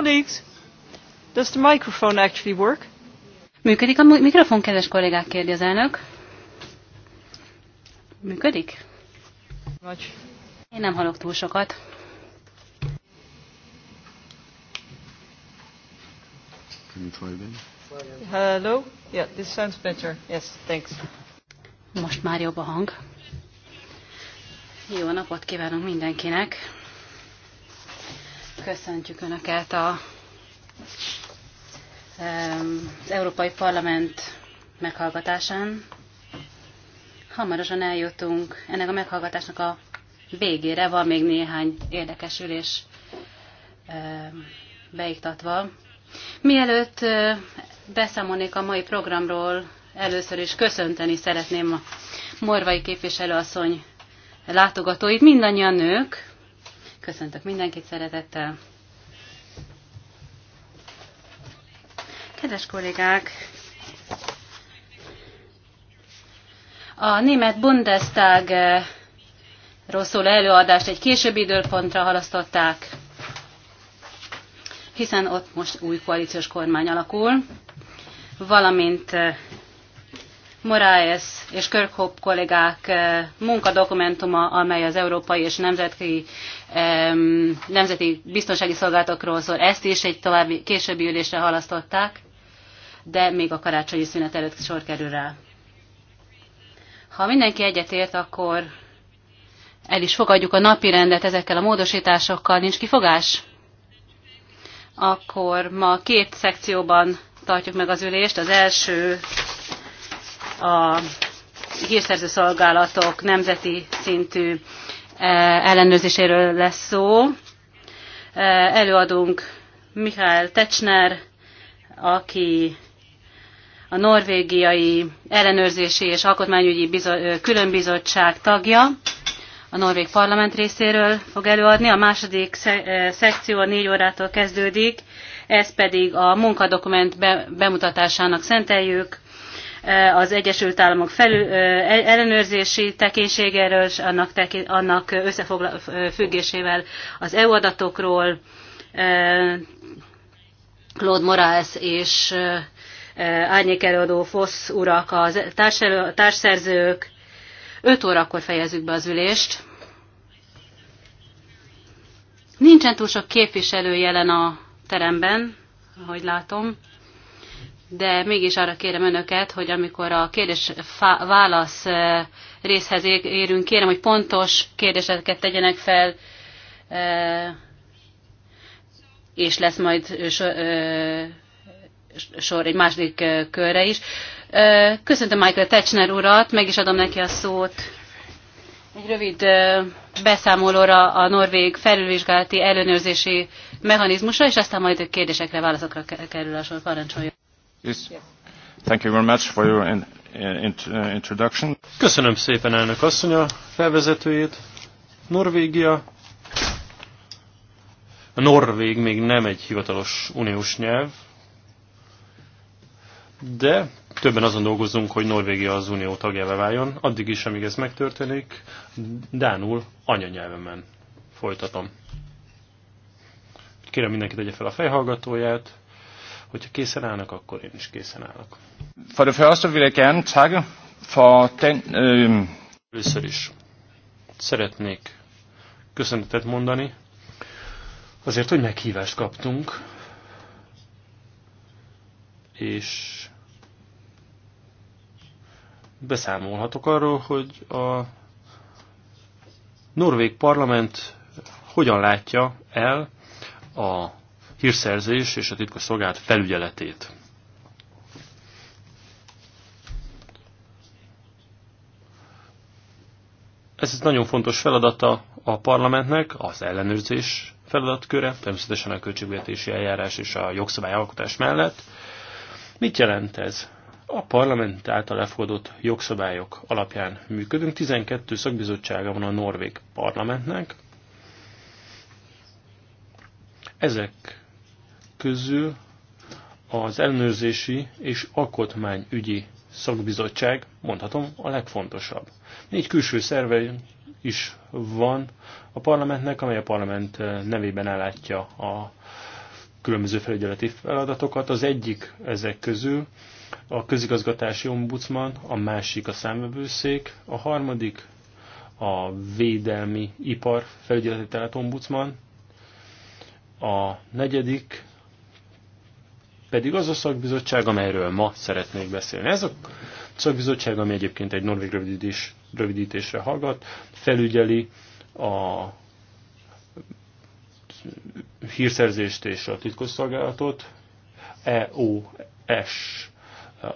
Colleagues, does the microphone actually work? Működik a mikrofon, kedves kollégák, kérdi az elnök. Működik? Vagy. Én nem hallok túl sokat. Can you try again? Hello? Yeah, this sounds better. Yes, thanks. Most már jobb a hang. Jó napot kívánunk mindenkinek! Köszöntjük Önöket a, az Európai Parlament meghallgatásán. Hamarosan eljutunk ennek a meghallgatásnak a végére. Van még néhány érdekes ülés beiktatva. Mielőtt beszámolnék a mai programról, először is köszönteni szeretném a Morvai képviselőasszony látogatóit, mindannyian nők, Köszöntök mindenkit szeretettel. Kedves kollégák! A német Bundestag rosszul előadást egy későbbi időpontra halasztották, hiszen ott most új koalíciós kormány alakul, valamint Moraes és Kirkhope kollégák eh, munkadokumentuma, amely az európai és nemzetközi nemzeti biztonsági szolgálatokról szól. Ezt is egy további későbbi ülésre halasztották, de még a karácsonyi szünet előtt sor kerül rá. Ha mindenki egyetért, akkor el is fogadjuk a napi rendet ezekkel a módosításokkal. Nincs kifogás? Akkor ma két szekcióban tartjuk meg az ülést. Az első a hírszerző szolgálatok nemzeti szintű e, ellenőrzéséről lesz szó. E, előadunk Mihály Tecsner, aki a norvégiai ellenőrzési és alkotmányügyi különbizottság tagja a norvég parlament részéről fog előadni. A második e, szekció a négy órától kezdődik, ez pedig a munkadokument bemutatásának szenteljük. Eh, az Egyesült Államok felül, eh, e- ellenőrzési tekénységéről, és annak, annak összefüggésével eh, az EU adatokról, Claude Moraes és árnyékelőadó Fosz urak, a társszerzők. 5 órakor fejezzük be az ülést. Nincsen túl sok képviselő jelen a teremben, ahogy látom de mégis arra kérem önöket, hogy amikor a kérdés-válasz részhez érünk, kérem, hogy pontos kérdéseket tegyenek fel, és lesz majd sor egy második körre is. Köszöntöm Michael Techner urat, meg is adom neki a szót egy rövid beszámolóra a norvég felülvizsgálati ellenőrzési mechanizmusra, és aztán majd a kérdésekre, válaszokra kerül a sor. Parancsoljon! Yes. Thank you very much for your in, uh, in, uh, introduction. Köszönöm szépen elnök asszony a felvezetőjét. Norvégia. A norvég még nem egy hivatalos uniós nyelv, de többen azon dolgozunk, hogy Norvégia az unió tagjává váljon. Addig is, amíg ez megtörténik, Dánul anyanyelvemen folytatom. Kérem mindenkit tegye fel a fejhallgatóját. Hogyha készen állnak, akkor én is készen állok. For the first, of jeg gerne for den... um... Először is szeretnék köszönetet mondani azért, hogy meghívást kaptunk, és beszámolhatok arról, hogy a norvég parlament hogyan látja el a hírszerzés és a titkos szolgált felügyeletét. Ez nagyon fontos feladata a parlamentnek, az ellenőrzés feladatköre, természetesen a költségvetési eljárás és a jogszabályalkotás mellett. Mit jelent ez? A parlament által elfogadott jogszabályok alapján működünk. 12 szakbizottsága van a norvég parlamentnek. Ezek közül az ellenőrzési és alkotmányügyi szakbizottság, mondhatom, a legfontosabb. Négy külső szerve is van a parlamentnek, amely a parlament eh, nevében ellátja a különböző felügyeleti feladatokat. Az egyik ezek közül a közigazgatási ombudsman, a másik a számvevőszék, a harmadik a védelmi ipar felügyeleti ombudsman, a negyedik pedig az a szakbizottság, amelyről ma szeretnék beszélni. Ez a szakbizottság, ami egyébként egy norvég rövidítés, rövidítésre hallgat, felügyeli a hírszerzést és a titkosszolgálatot, EOS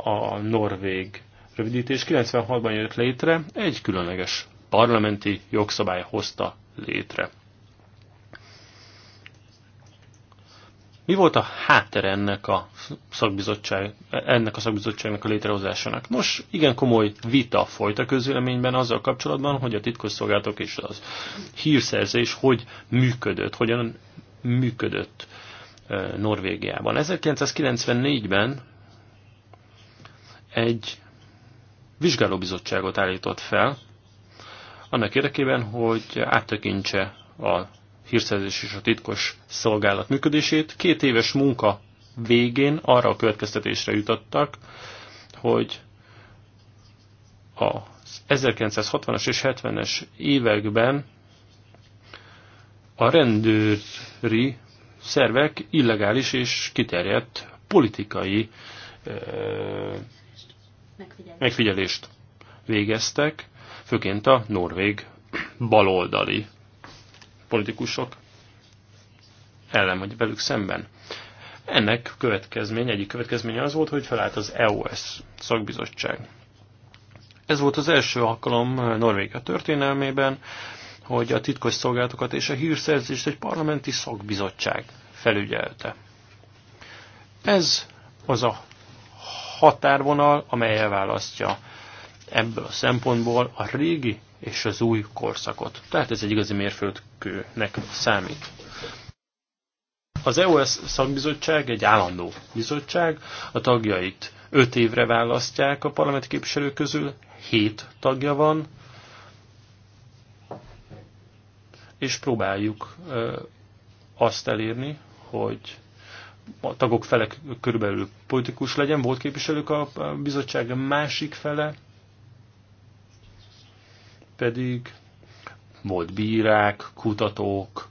a norvég rövidítés 96-ban jött létre, egy különleges parlamenti jogszabály hozta létre. Mi volt a háttere ennek a, szakbizottság, ennek a szakbizottságnak a létrehozásának? Nos, igen komoly vita folyt a közvéleményben azzal kapcsolatban, hogy a titkosszolgálatok és az hírszerzés hogy működött, hogyan működött eh, Norvégiában. 1994-ben egy vizsgálóbizottságot állított fel, annak érdekében, hogy áttekintse a hírszerzés és a titkos szolgálat működését. Két éves munka végén arra a következtetésre jutottak, hogy a 1960-as és 70-es években a rendőri szervek illegális és kiterjedt politikai megfigyelést. megfigyelést végeztek, főként a norvég baloldali politikusok ellen, vagy velük szemben. Ennek következmény, egyik következménye az volt, hogy felállt az EOS szakbizottság. Ez volt az első alkalom Norvégia történelmében, hogy a titkos szolgálatokat és a hírszerzést egy parlamenti szakbizottság felügyelte. Ez az a határvonal, amely elválasztja ebből a szempontból a régi és az új korszakot. Tehát ez egy igazi mérföldkőnek számít. Az EOS szakbizottság egy állandó bizottság, a tagjait 5 évre választják a parlamenti képviselők közül, 7 tagja van, és próbáljuk azt elérni, hogy a tagok fele körülbelül politikus legyen, volt képviselők a bizottság másik fele, pedig volt bírák, kutatók,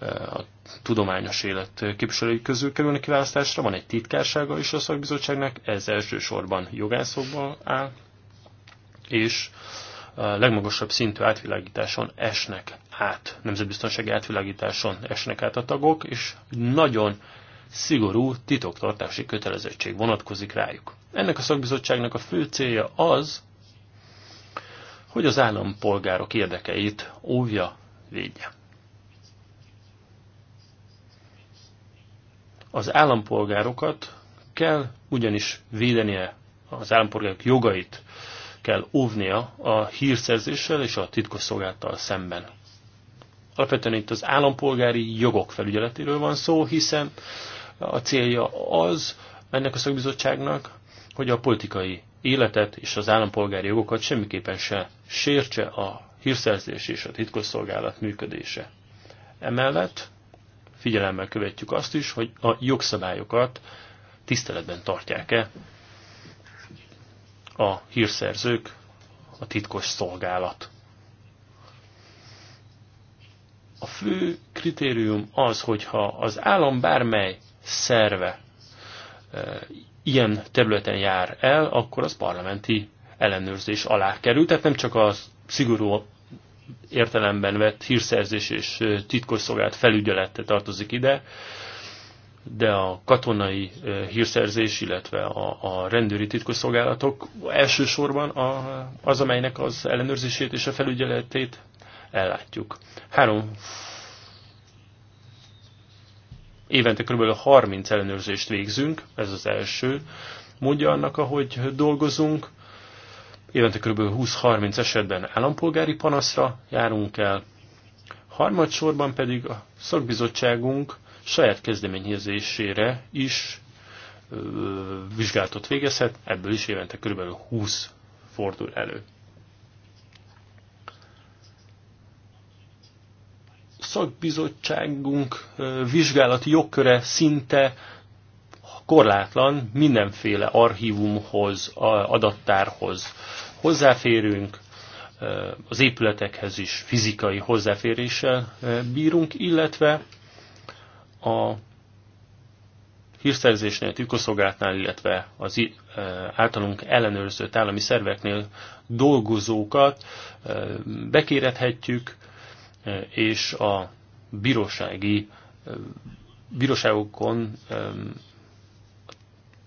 eh, a tudományos élet képviselői közül kerülnek kiválasztásra, van egy titkársága is a szakbizottságnak, ez elsősorban jogászokból áll, és a eh, legmagasabb szintű átvilágításon esnek át, nemzetbiztonsági átvilágításon esnek át a tagok, és nagyon szigorú titoktartási kötelezettség vonatkozik rájuk. Ennek a szakbizottságnak a fő célja az, hogy az állampolgárok érdekeit óvja, védje. Az állampolgárokat kell ugyanis védenie, az állampolgárok jogait kell óvnia a hírszerzéssel és a titkosszolgáltal szemben. Alapvetően itt az állampolgári jogok felügyeletéről van szó, hiszen a célja az ennek a szakbizottságnak, hogy a politikai életet és az állampolgári jogokat semmiképpen se sértse a hírszerzés és a titkosszolgálat működése. Emellett figyelemmel követjük azt is, hogy a jogszabályokat tiszteletben tartják-e a hírszerzők, a titkos szolgálat. A fő kritérium az, hogyha az állam bármely szerve ilyen területen jár el, akkor az parlamenti ellenőrzés alá kerül. Tehát nem csak a szigorú értelemben vett hírszerzés és titkosszolgált felügyelette tartozik ide, de a katonai hírszerzés, illetve a, a rendőri titkosszolgálatok elsősorban a, az, amelynek az ellenőrzését és a felügyeletét ellátjuk. Három évente kb. 30 ellenőrzést végzünk, ez az első módja annak, ahogy dolgozunk. Évente kb. 20-30 esetben állampolgári panaszra járunk el. Harmadsorban pedig a szakbizottságunk saját kezdeményezésére is vizsgálatot végezhet, ebből is évente kb. 20 fordul elő. szakbizottságunk vizsgálati jogköre szinte korlátlan, mindenféle archívumhoz, adattárhoz hozzáférünk, az épületekhez is fizikai hozzáféréssel bírunk, illetve a hírszerzésnél, tükoszolgáltnál, illetve az általunk ellenőrzött állami szerveknél dolgozókat bekérethetjük, és a bírósági bíróságokon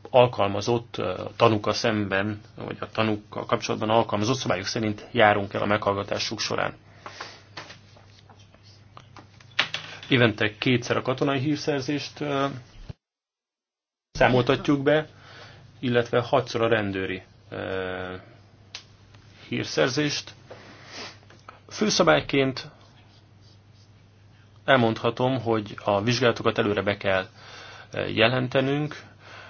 alkalmazott tanúkkal szemben, vagy a tanúkkal kapcsolatban alkalmazott szabályok szerint járunk el a meghallgatásuk során. Évente kétszer a katonai hírszerzést számoltatjuk be, illetve hatszor a rendőri hírszerzést. Főszabályként elmondhatom, hogy a vizsgálatokat előre be kell e, jelentenünk,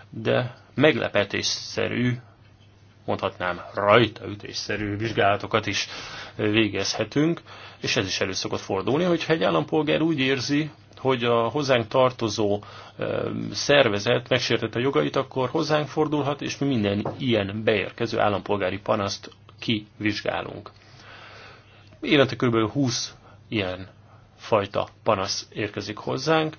de meglepetésszerű, mondhatnám rajtaütésszerű vizsgálatokat is e, végezhetünk, és ez is elő szokott fordulni, hogyha egy állampolgár úgy érzi, hogy a hozzánk tartozó e, szervezet megsértette a jogait, akkor hozzánk fordulhat, és mi minden ilyen beérkező állampolgári panaszt kivizsgálunk. Évente kb. 20 ilyen fajta panasz érkezik hozzánk.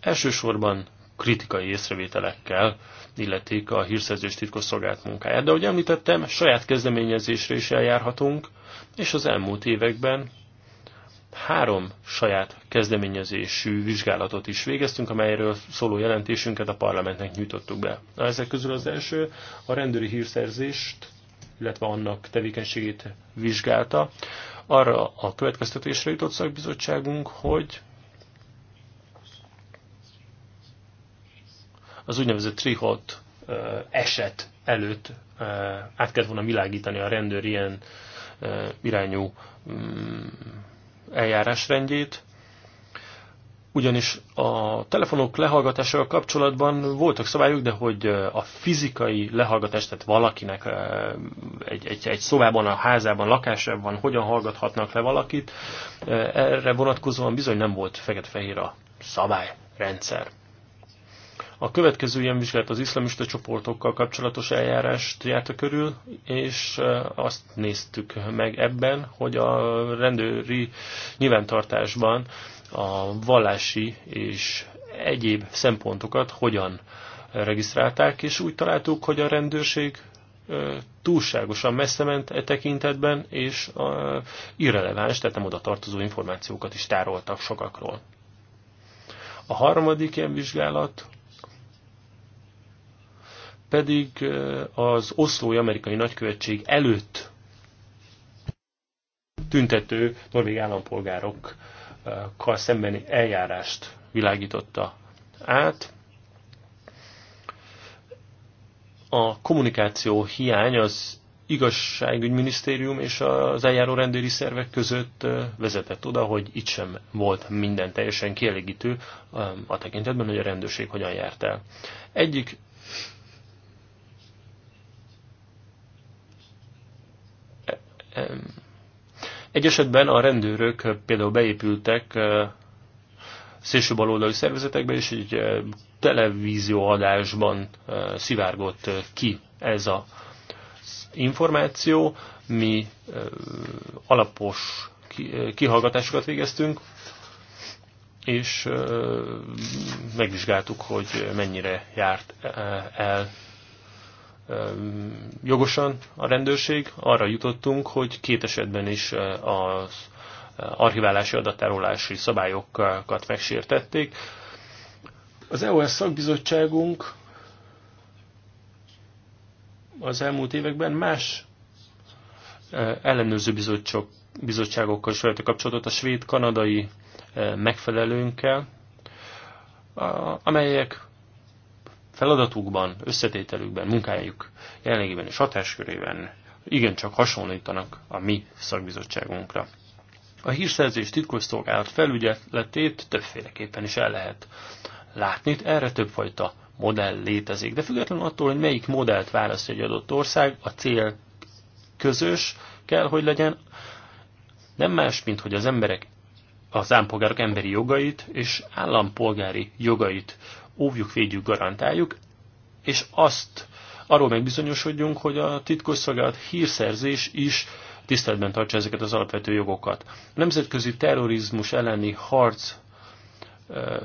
Elsősorban kritikai észrevételekkel illetik a hírszerzés titkosszolgált munkáját. De ahogy említettem, saját kezdeményezésre is eljárhatunk, és az elmúlt években három saját kezdeményezésű vizsgálatot is végeztünk, amelyről szóló jelentésünket a parlamentnek nyújtottuk be. Na, ezek közül az első a rendőri hírszerzést, illetve annak tevékenységét vizsgálta. Arra a következtetésre jutott szakbizottságunk, hogy az úgynevezett trihot eset előtt át kellett volna világítani a rendőr ilyen irányú mm, eljárásrendjét, ugyanis a telefonok lehallgatásával kapcsolatban voltak szabályok, de hogy a fizikai lehallgatás, tehát valakinek egy, egy, egy szobában, a házában, lakásában hogyan hallgathatnak le valakit, erre vonatkozóan bizony nem volt fekete-fehér a szabályrendszer. A következő ilyen vizsgálat az iszlamista csoportokkal kapcsolatos eljárást járta körül, és azt néztük meg ebben, hogy a rendőri nyilvántartásban a vallási és egyéb szempontokat hogyan regisztrálták, és úgy találtuk, hogy a rendőrség túlságosan messze ment e tekintetben, és a irreleváns, tehát nem oda tartozó információkat is tároltak sokakról. A harmadik ilyen vizsgálat pedig az oszlói amerikai nagykövetség előtt tüntető norvég állampolgárok kal szembeni eljárást világította át. A kommunikáció hiány az igazságügyminisztérium és az eljáró rendőri szervek között vezetett oda, hogy itt sem volt minden teljesen kielégítő a tekintetben, hogy a rendőrség hogyan járt el. Egyik egy esetben a rendőrök például beépültek szélső baloldali szervezetekbe, és egy televízióadásban szivárgott ki ez a információ. Mi alapos kihallgatásokat végeztünk, és megvizsgáltuk, hogy mennyire járt el jogosan a rendőrség, arra jutottunk, hogy két esetben is az archiválási adattárolási szabályokat megsértették. Az EOS szakbizottságunk az elmúlt években más ellenőrző bizottságokkal is vette kapcsolatot a svéd-kanadai megfelelőnkkel, amelyek feladatukban, összetételükben, munkájuk jelenlegében és hatáskörében igencsak hasonlítanak a mi szakbizottságunkra. A hírszerzés titkosszolgálat felügyeletét többféleképpen is el lehet látni, erre többfajta modell létezik. De függetlenül attól, hogy melyik modellt választja egy adott ország, a cél közös kell, hogy legyen, nem más, mint hogy az emberek, az állampolgárok emberi jogait és állampolgári jogait óvjuk, védjük, garantáljuk, és azt arról megbizonyosodjunk, hogy a titkosszolgálat hírszerzés is tiszteletben tartsa ezeket az alapvető jogokat. A nemzetközi terrorizmus elleni harc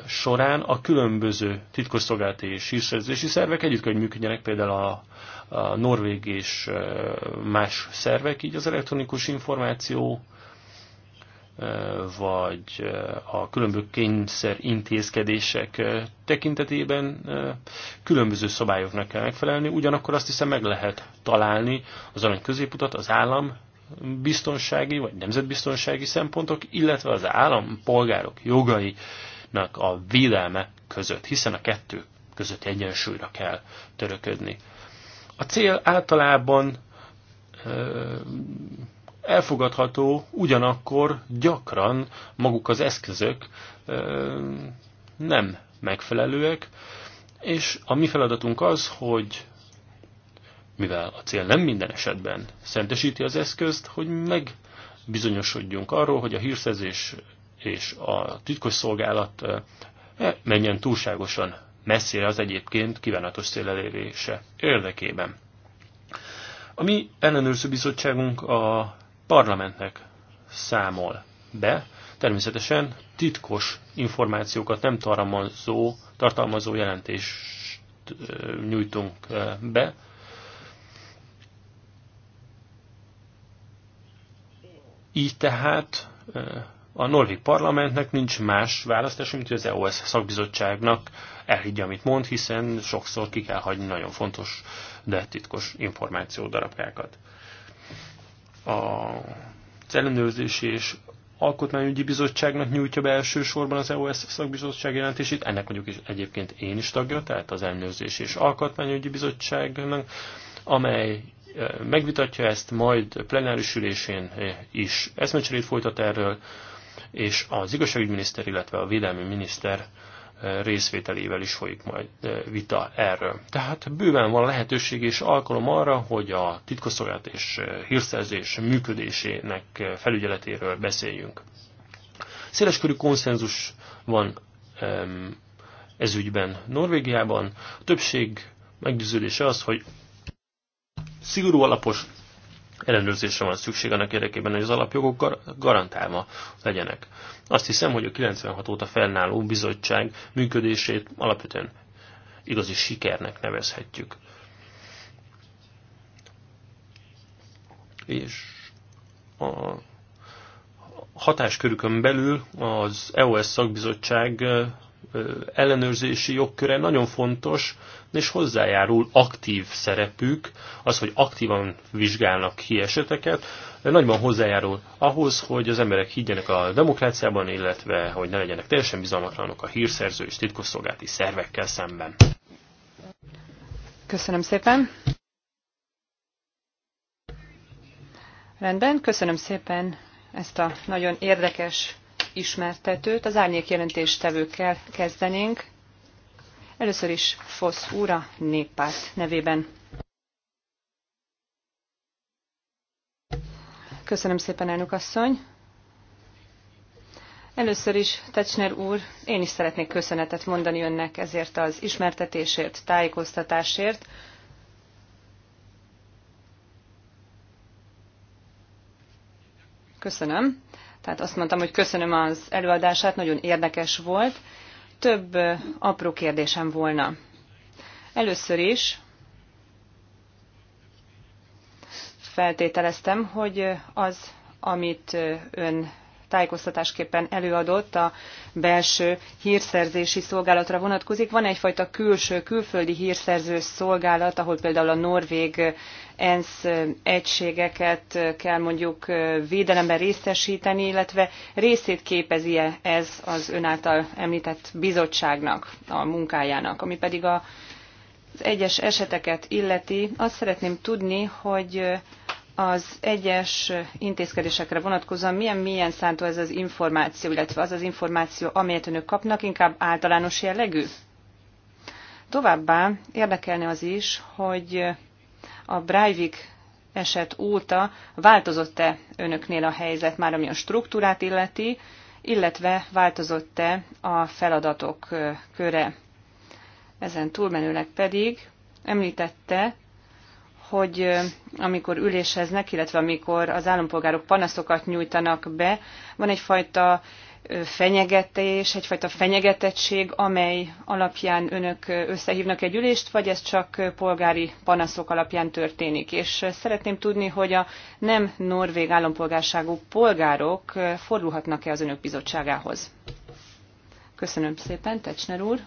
során a különböző titkosszolgálati és hírszerzési szervek együtt kell, hogy működjenek, például a, a norvég és más szervek, így az elektronikus információ vagy a különböző kényszer intézkedések tekintetében különböző szabályoknak kell megfelelni, ugyanakkor azt hiszem meg lehet találni az arany középutat az állam biztonsági vagy nemzetbiztonsági szempontok, illetve az állampolgárok jogainak a védelme között, hiszen a kettő között egyensúlyra kell töröködni. A cél általában elfogadható, ugyanakkor gyakran maguk az eszközök nem megfelelőek, és a mi feladatunk az, hogy mivel a cél nem minden esetben szentesíti az eszközt, hogy megbizonyosodjunk arról, hogy a hírszerzés és a titkos szolgálat e, menjen túlságosan messzire az egyébként kívánatos cél elérése érdekében. A mi ellenőrző bizottságunk a parlamentnek számol be, természetesen titkos információkat nem tartalmazó, tartalmazó jelentést nyújtunk be. Így tehát a norvég parlamentnek nincs más választás, mint hogy az EOS szakbizottságnak elhiggy, amit mond, hiszen sokszor ki kell hagyni nagyon fontos, de titkos információ darabkákat az ellenőrzési és alkotmányügyi bizottságnak nyújtja be elsősorban az EOS szakbizottság jelentését, ennek mondjuk is egyébként én is tagja, tehát az ellenőrzési és alkotmányügyi bizottságnak, amely e, megvitatja ezt, majd plenáris ülésén e, is eszmecserét folytat erről, és az igazságügyminiszter, illetve a védelmi miniszter részvételével is folyik majd vita erről. Tehát bőven van lehetőség és alkalom arra, hogy a titkosszolgálat és hírszerzés működésének felügyeletéről beszéljünk. Széleskörű konszenzus van ez ügyben Norvégiában. A többség meggyőződése az, hogy szigorú alapos ellenőrzésre van szükség annak érdekében, hogy az alapjogok gar garantálva legyenek. Azt hiszem, hogy a 96 óta fennálló bizottság működését alapvetően igazi sikernek nevezhetjük. És a hatáskörükön belül az EOS szakbizottság ellenőrzési jogköre nagyon fontos, és hozzájárul aktív szerepük, az, hogy aktívan vizsgálnak ki eseteket, nagyban hozzájárul ahhoz, hogy az emberek higgyenek a demokráciában, illetve hogy ne legyenek teljesen bizalmatlanok a hírszerző és titkosszolgálati szervekkel szemben. Köszönöm szépen! Rendben, köszönöm szépen ezt a nagyon érdekes ismertetőt. Az árnyék jelentéstevőkkel kezdenénk. Először is Fosz úra néppárt nevében. Köszönöm szépen, elnök asszony. Először is, Tecsner úr, én is szeretnék köszönetet mondani önnek ezért az ismertetésért, tájékoztatásért. Köszönöm. Tehát azt mondtam, hogy köszönöm az előadását, nagyon érdekes volt, több apró kérdésem volna. Először is feltételeztem, hogy az, amit ön tájékoztatásképpen előadott a belső hírszerzési szolgálatra vonatkozik. Van egyfajta külső, külföldi hírszerző szolgálat, ahol például a norvég ENSZ egységeket kell mondjuk védelemben részesíteni, illetve részét képezi -e ez az ön által említett bizottságnak, a munkájának, ami pedig a az egyes eseteket illeti, azt szeretném tudni, hogy az egyes intézkedésekre vonatkozóan milyen milyen szántó ez az információ, illetve az az információ, amelyet önök kapnak, inkább általános jellegű? Továbbá érdekelne az is, hogy a Breivik eset óta változott-e önöknél a helyzet már, ami a struktúrát illeti, illetve változott-e a feladatok köre. Ezen túlmenőleg pedig említette, hogy amikor üléseznek, illetve amikor az állampolgárok panaszokat nyújtanak be, van egyfajta fenyegetés, egyfajta fenyegetettség, amely alapján önök összehívnak egy ülést, vagy ez csak polgári panaszok alapján történik. És szeretném tudni, hogy a nem norvég állampolgárságú polgárok fordulhatnak-e az önök bizottságához. Köszönöm szépen, Tecsner úr.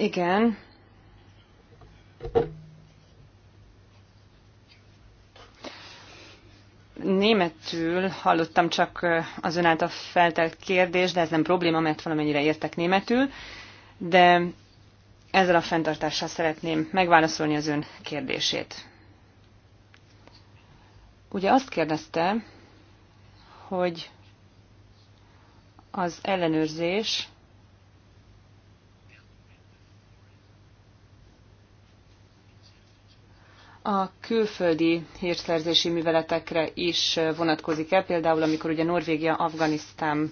igen. Németül hallottam csak az ön által feltelt kérdést, de ez nem probléma, mert valamennyire értek németül, de ezzel a fenntartással szeretném megválaszolni az ön kérdését. Ugye azt kérdezte, hogy az ellenőrzés a külföldi hírszerzési műveletekre is vonatkozik-e, például amikor ugye Norvégia, Afganisztán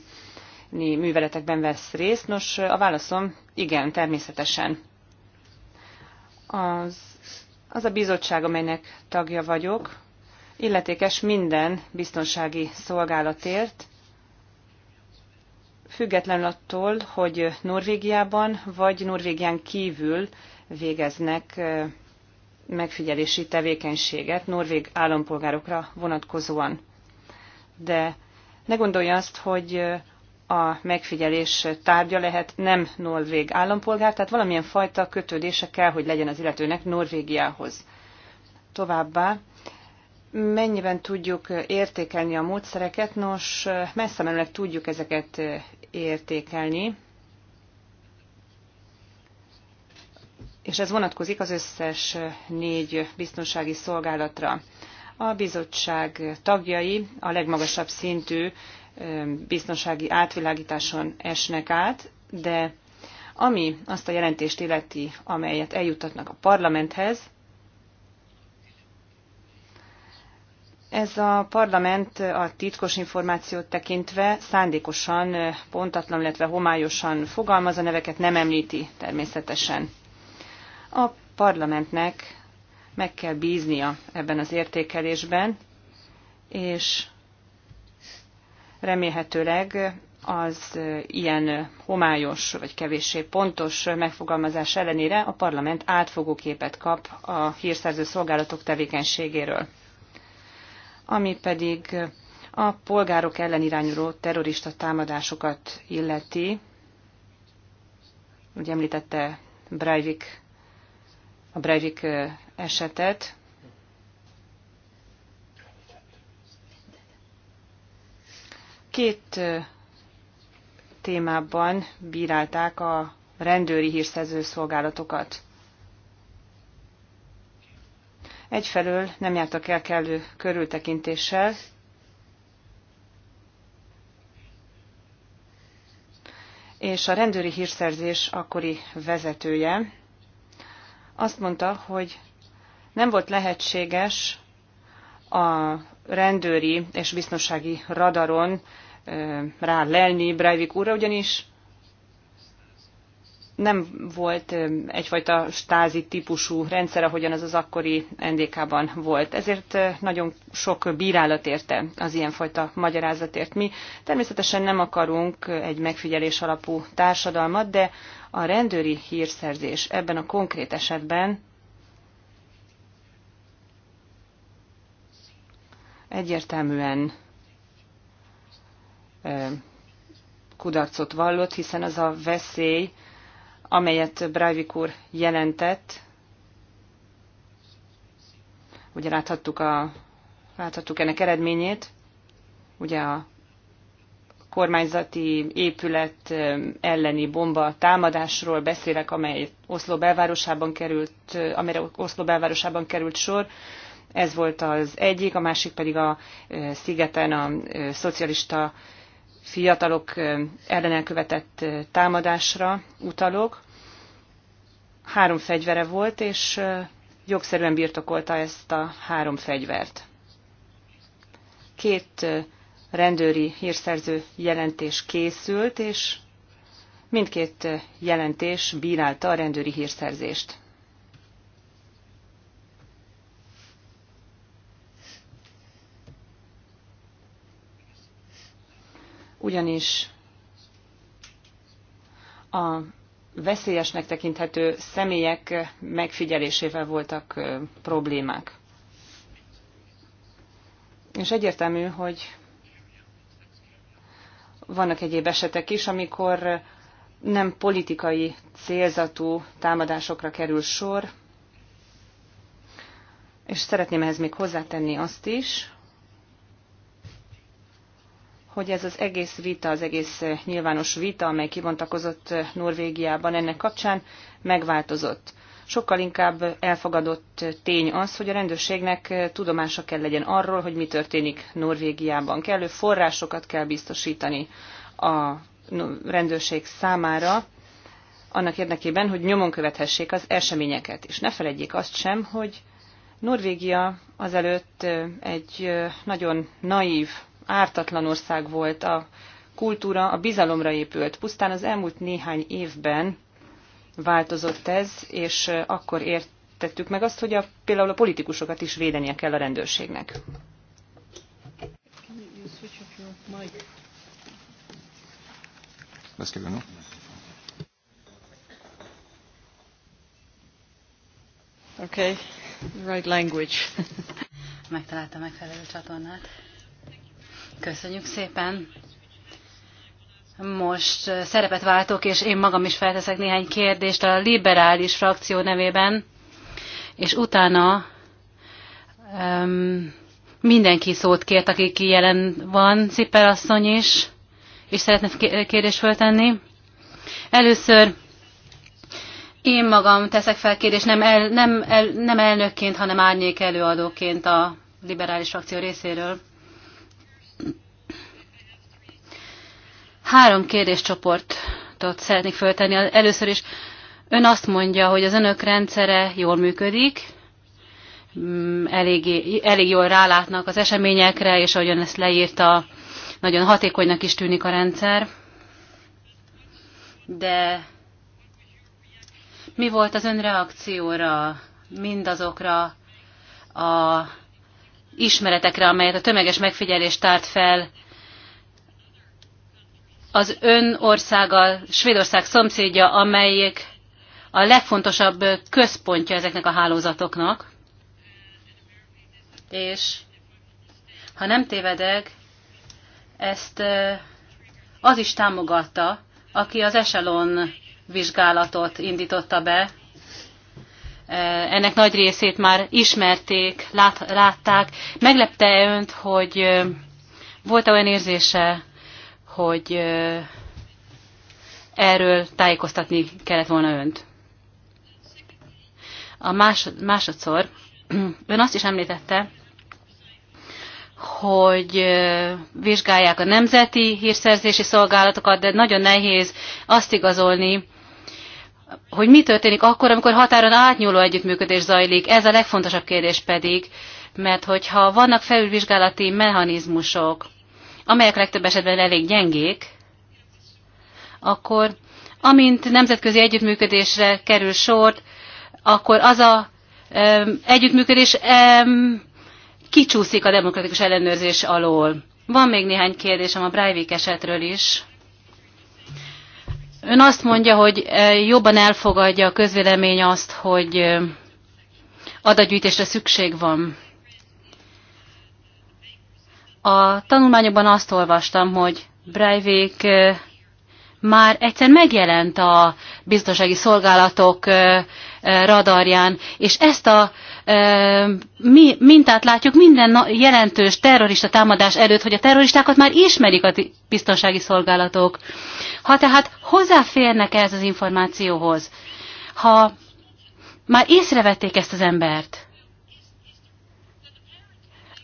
műveletekben vesz részt? Nos, a válaszom igen, természetesen. Az, az a bizottság, amelynek tagja vagyok, illetékes minden biztonsági szolgálatért, függetlenül attól, hogy Norvégiában vagy Norvégián kívül végeznek megfigyelési tevékenységet norvég állampolgárokra vonatkozóan. De ne gondolja azt, hogy a megfigyelés tárgya lehet nem norvég állampolgár, tehát valamilyen fajta kötődése kell, hogy legyen az illetőnek Norvégiához. Továbbá, mennyiben tudjuk értékelni a módszereket? Nos, messze menőleg tudjuk ezeket értékelni, és ez vonatkozik az összes négy biztonsági szolgálatra. A bizottság tagjai a legmagasabb szintű biztonsági átvilágításon esnek át, de ami azt a jelentést illeti, amelyet eljuttatnak a parlamenthez, Ez a parlament a titkos információt tekintve szándékosan, pontatlan, illetve homályosan fogalmaz, a neveket nem említi természetesen. A parlamentnek meg kell bíznia ebben az értékelésben, és remélhetőleg az ilyen homályos vagy kevéssé pontos megfogalmazás ellenére a parlament átfogó képet kap a hírszerző szolgálatok tevékenységéről. Ami pedig a polgárok ellen irányuló terrorista támadásokat illeti, úgy említette Breivik a Breivik esetet. Két témában bírálták a rendőri hírszerző szolgálatokat. Egyfelől nem jártak el kellő körültekintéssel, és a rendőri hírszerzés akkori vezetője azt mondta, hogy nem volt lehetséges a rendőri és biztonsági radaron rá lelni Breivik úrra, ugyanis nem volt egyfajta stázi típusú rendszer, ahogyan az az akkori NDK-ban volt. Ezért nagyon sok bírálat érte az ilyenfajta magyarázatért. Mi természetesen nem akarunk egy megfigyelés alapú társadalmat, de a rendőri hírszerzés ebben a konkrét esetben egyértelműen kudarcot vallott, hiszen az a veszély, amelyet Breivik úr jelentett. Ugye láthattuk, a, láthattuk ennek eredményét, ugye a kormányzati épület um, elleni bomba támadásról beszélek, amely Oszló belvárosában került, uh, amelyre Oszló belvárosában került sor. Ez volt az egyik, a másik pedig a uh, szigeten a uh, szocialista fiatalok ellen elkövetett támadásra utalok. Három fegyvere volt, és jogszerűen birtokolta ezt a három fegyvert. Két rendőri hírszerző jelentés készült, és mindkét jelentés bírálta a rendőri hírszerzést. ugyanis a veszélyesnek tekinthető személyek megfigyelésével voltak problémák. És egyértelmű, hogy vannak egyéb esetek is, amikor nem politikai célzatú támadásokra kerül sor, és szeretném ehhez még hozzátenni azt is, hogy ez az egész vita, az egész eh, nyilvános vita, amely kibontakozott eh, Norvégiában ennek kapcsán, megváltozott. Sokkal inkább elfogadott eh, tény az, hogy a rendőrségnek tudomása kell legyen arról, hogy mi történik Norvégiában. Kellő forrásokat kell biztosítani a rendőrség számára, annak érdekében, hogy nyomon követhessék az eseményeket. És ne felejtjék azt sem, hogy Norvégia azelőtt egy nagyon naív ártatlan ország volt, a kultúra a bizalomra épült. Pusztán az elmúlt néhány évben változott ez, és akkor értettük meg azt, hogy a, például a politikusokat is védenie kell a rendőrségnek. Okay, right language. Megtalálta megfelelő csatornát. Köszönjük szépen. Most eh, szerepet váltok, és én magam is felteszek néhány kérdést a liberális frakció nevében, és utána um, mindenki szót kért, aki jelen van, Cipper asszony is, és szeretne kérdést föltenni. Először én magam teszek fel kérdést, nem, el, nem, el, nem elnökként, hanem árnyék előadóként a liberális frakció részéről. Három kérdéscsoportot szeretnék föltenni. Először is ön azt mondja, hogy az önök rendszere jól működik, mm, elég, elég jól rálátnak az eseményekre, és ahogyan ezt leírta, nagyon hatékonynak is tűnik a rendszer. De mi volt az ön reakcióra, mindazokra a ismeretekre, amelyet a tömeges megfigyelés tárt fel az ön országa, Svédország szomszédja, amelyik a legfontosabb központja ezeknek a hálózatoknak. És ha nem tévedek, ezt az is támogatta, aki az Echelon vizsgálatot indította be. Ennek nagy részét már ismerték, lát, látták. Meglepte önt, hogy volt -e olyan érzése, hogy erről tájékoztatni kellett volna önt. A másod, másodszor ön azt is említette, hogy vizsgálják a nemzeti hírszerzési szolgálatokat, de nagyon nehéz azt igazolni, hogy mi történik akkor, amikor határon átnyúló együttműködés zajlik. Ez a legfontosabb kérdés pedig, mert hogyha vannak felülvizsgálati mechanizmusok, amelyek legtöbb esetben elég gyengék, akkor amint nemzetközi együttműködésre kerül sor, akkor az a um, együttműködés um, kicsúszik a demokratikus ellenőrzés alól. Van még néhány kérdésem a Breivik esetről is. Ön azt mondja, hogy e, jobban elfogadja a közvélemény azt, hogy e, adatgyűjtésre szükség van. A tanulmányokban azt olvastam, hogy Breivik már egyszer megjelent a biztonsági szolgálatok radarján, és ezt a mi, mintát látjuk minden jelentős terrorista támadás előtt, hogy a terroristákat már ismerik a biztonsági szolgálatok. Ha tehát hozzáférnek ez az információhoz, ha már észrevették ezt az embert,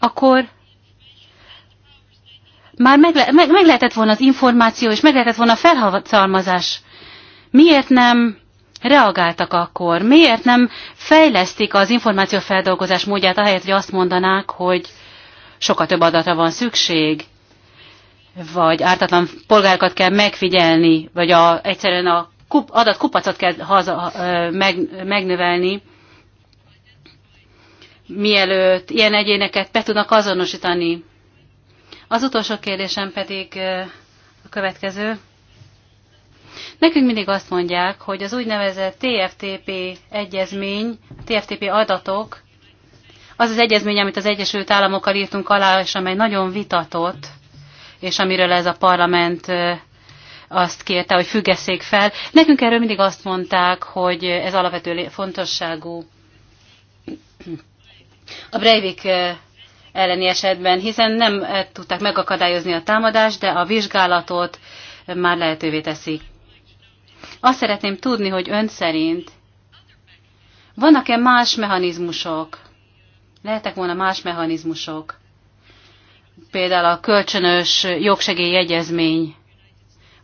akkor már meg, le, meg, meg lehetett volna az információ, és meg lehetett volna a felhatalmazás. Miért nem reagáltak akkor? Miért nem fejlesztik az információfeldolgozás módját, ahelyett, hogy azt mondanák, hogy sokkal több adatra van szükség, vagy ártatlan polgárokat kell megfigyelni, vagy a, egyszerűen a kup, adatkupacot kell haza, meg, megnövelni, mielőtt ilyen egyéneket be tudnak azonosítani. Az utolsó kérdésem pedig a következő. Nekünk mindig azt mondják, hogy az úgynevezett TFTP egyezmény, TFTP adatok, az az egyezmény, amit az Egyesült Államokkal írtunk alá, és amely nagyon vitatott, és amiről ez a parlament azt kérte, hogy függesszék fel. Nekünk erről mindig azt mondták, hogy ez alapvető fontosságú. A Breivik elleni esetben, hiszen nem eh, tudták megakadályozni a támadást, de a vizsgálatot már lehetővé teszik. Azt szeretném tudni, hogy ön szerint vannak-e más mechanizmusok? Lehetek volna más mechanizmusok? Például a kölcsönös jogsegélyegyezmény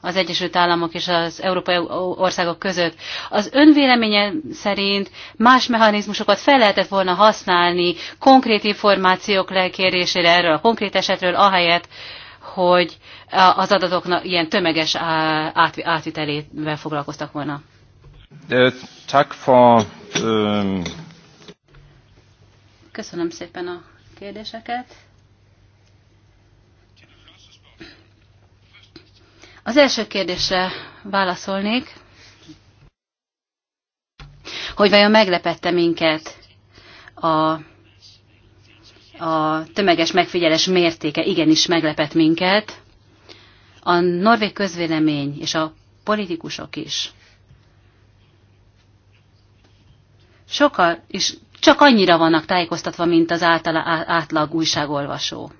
az Egyesült Államok és az európai országok között. Az önvéleménye szerint más mechanizmusokat fel lehetett volna használni konkrét információk lekérésére erről a konkrét esetről, ahelyett, hogy az adatoknak ilyen tömeges átvitelével foglalkoztak volna. Köszönöm szépen a kérdéseket. Az első kérdésre válaszolnék, hogy vajon meglepette minket a, a tömeges megfigyelés mértéke, igenis meglepett minket, a norvég közvélemény és a politikusok is. Sokkal, és csak annyira vannak tájékoztatva, mint az általa, átlag újságolvasó.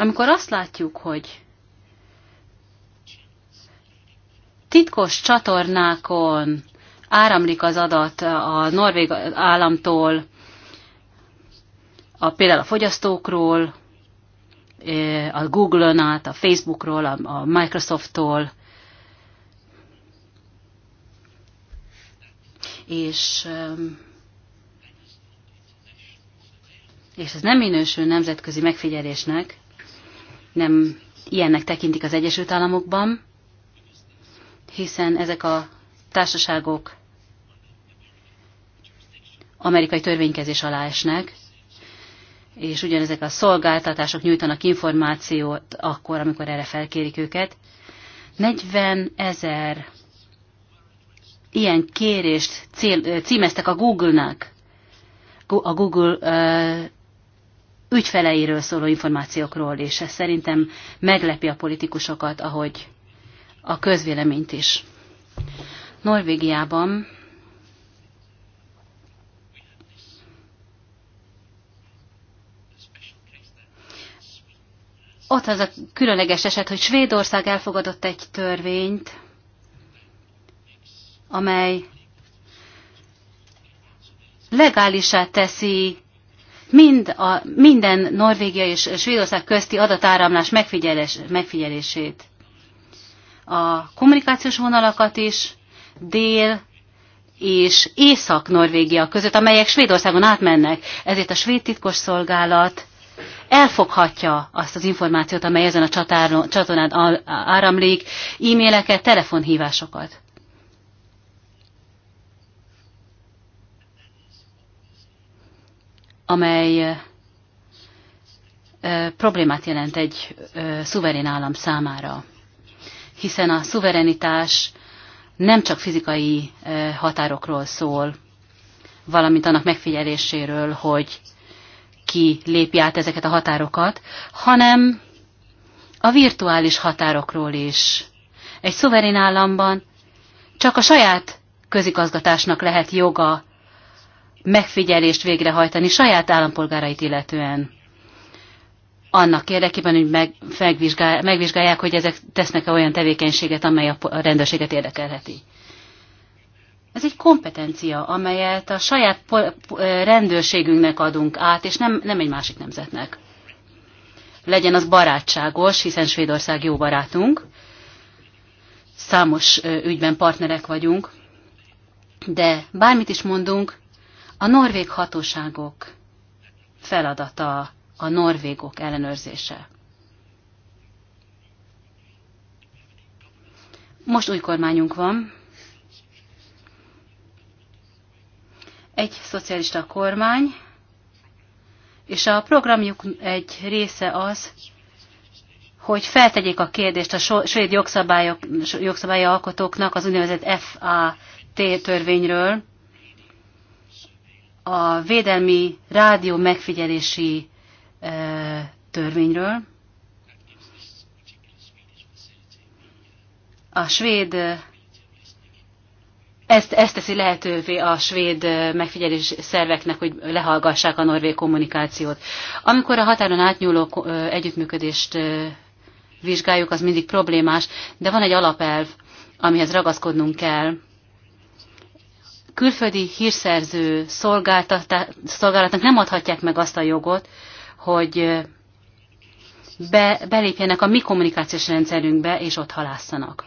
Amikor azt látjuk, hogy titkos csatornákon áramlik az adat a norvég államtól, a, például a fogyasztókról, e, a Google-on át, a Facebookról, a, Microsofttól, Microsoft-tól, és, és ez nem minősül nemzetközi megfigyelésnek, nem ilyennek tekintik az Egyesült Államokban, hiszen ezek a társaságok amerikai törvénykezés alá esnek, és ugyanezek a szolgáltatások nyújtanak információt akkor, amikor erre felkérik őket. 40 ezer ilyen kérést címeztek a Google-nak, a Google ügyfeleiről szóló információkról, és ez szerintem meglepi a politikusokat, ahogy a közvéleményt is. Norvégiában ott az a különleges eset, hogy Svédország elfogadott egy törvényt, amely legálisá teszi mind a, minden Norvégia és Svédország közti adatáramlás megfigyelés, megfigyelését. A kommunikációs vonalakat is dél és Észak-Norvégia között, amelyek Svédországon átmennek. Ezért a svéd titkos szolgálat elfoghatja azt az információt, amely ezen a csatornán áramlik, e-maileket, telefonhívásokat. amely problémát jelent egy szuverén állam számára, hiszen a szuverenitás nem csak fizikai határokról szól, valamint annak megfigyeléséről, hogy ki lépj át ezeket a határokat, hanem a virtuális határokról is. Egy szuverén államban csak a saját közigazgatásnak lehet joga megfigyelést végrehajtani saját állampolgárait illetően. Annak érdekében, hogy meg, megvizsgálják, hogy ezek tesznek-e olyan tevékenységet, amely a rendőrséget érdekelheti. Ez egy kompetencia, amelyet a saját rendőrségünknek adunk át, és nem, nem egy másik nemzetnek. Legyen az barátságos, hiszen Svédország jó barátunk, számos ügyben partnerek vagyunk, de bármit is mondunk, a norvég hatóságok feladata a norvégok ellenőrzése. Most új kormányunk van. Egy szocialista kormány, és a programjuk egy része az, hogy feltegyék a kérdést a svéd jogszabályok, jogszabályi alkotóknak az úgynevezett FA törvényről, a védelmi rádió megfigyelési törvényről. A svéd ezt, ezt teszi lehetővé a svéd megfigyelés szerveknek, hogy lehallgassák a norvég kommunikációt. Amikor a határon átnyúló együttműködést vizsgáljuk, az mindig problémás, de van egy alapelv, amihez ragaszkodnunk kell, külföldi hírszerző szolgálatnak nem adhatják meg azt a jogot, hogy be, belépjenek a mi kommunikációs rendszerünkbe, és ott halásszanak.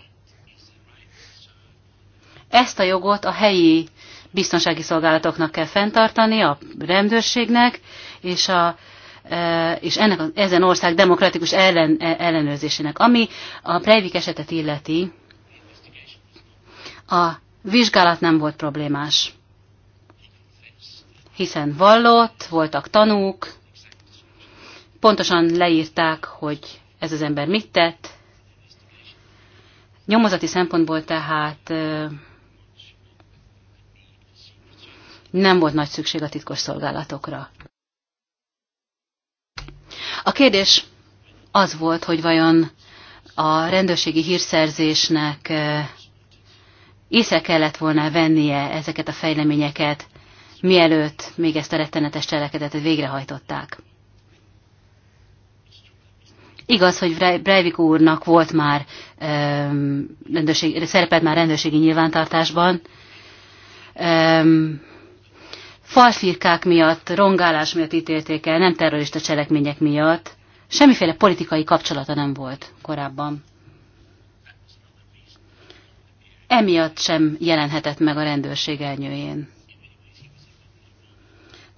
Ezt a jogot a helyi biztonsági szolgálatoknak kell fenntartani, a rendőrségnek, és, a, és ennek a, ezen ország demokratikus ellen, e, ellenőrzésének. Ami a Prejvik esetet illeti, a vizsgálat nem volt problémás, hiszen vallott, voltak tanúk, pontosan leírták, hogy ez az ember mit tett. Nyomozati szempontból tehát nem volt nagy szükség a titkos szolgálatokra. A kérdés az volt, hogy vajon a rendőrségi hírszerzésnek Isze kellett volna vennie ezeket a fejleményeket, mielőtt még ezt a rettenetes cselekedetet végrehajtották. Igaz, hogy Breivik úrnak volt már öm, szerepelt már rendőrségi nyilvántartásban. Öm, falfirkák miatt, rongálás miatt ítélték el, nem terrorista cselekmények miatt. Semmiféle politikai kapcsolata nem volt korábban emiatt sem jelenhetett meg a rendőrség elnyőjén.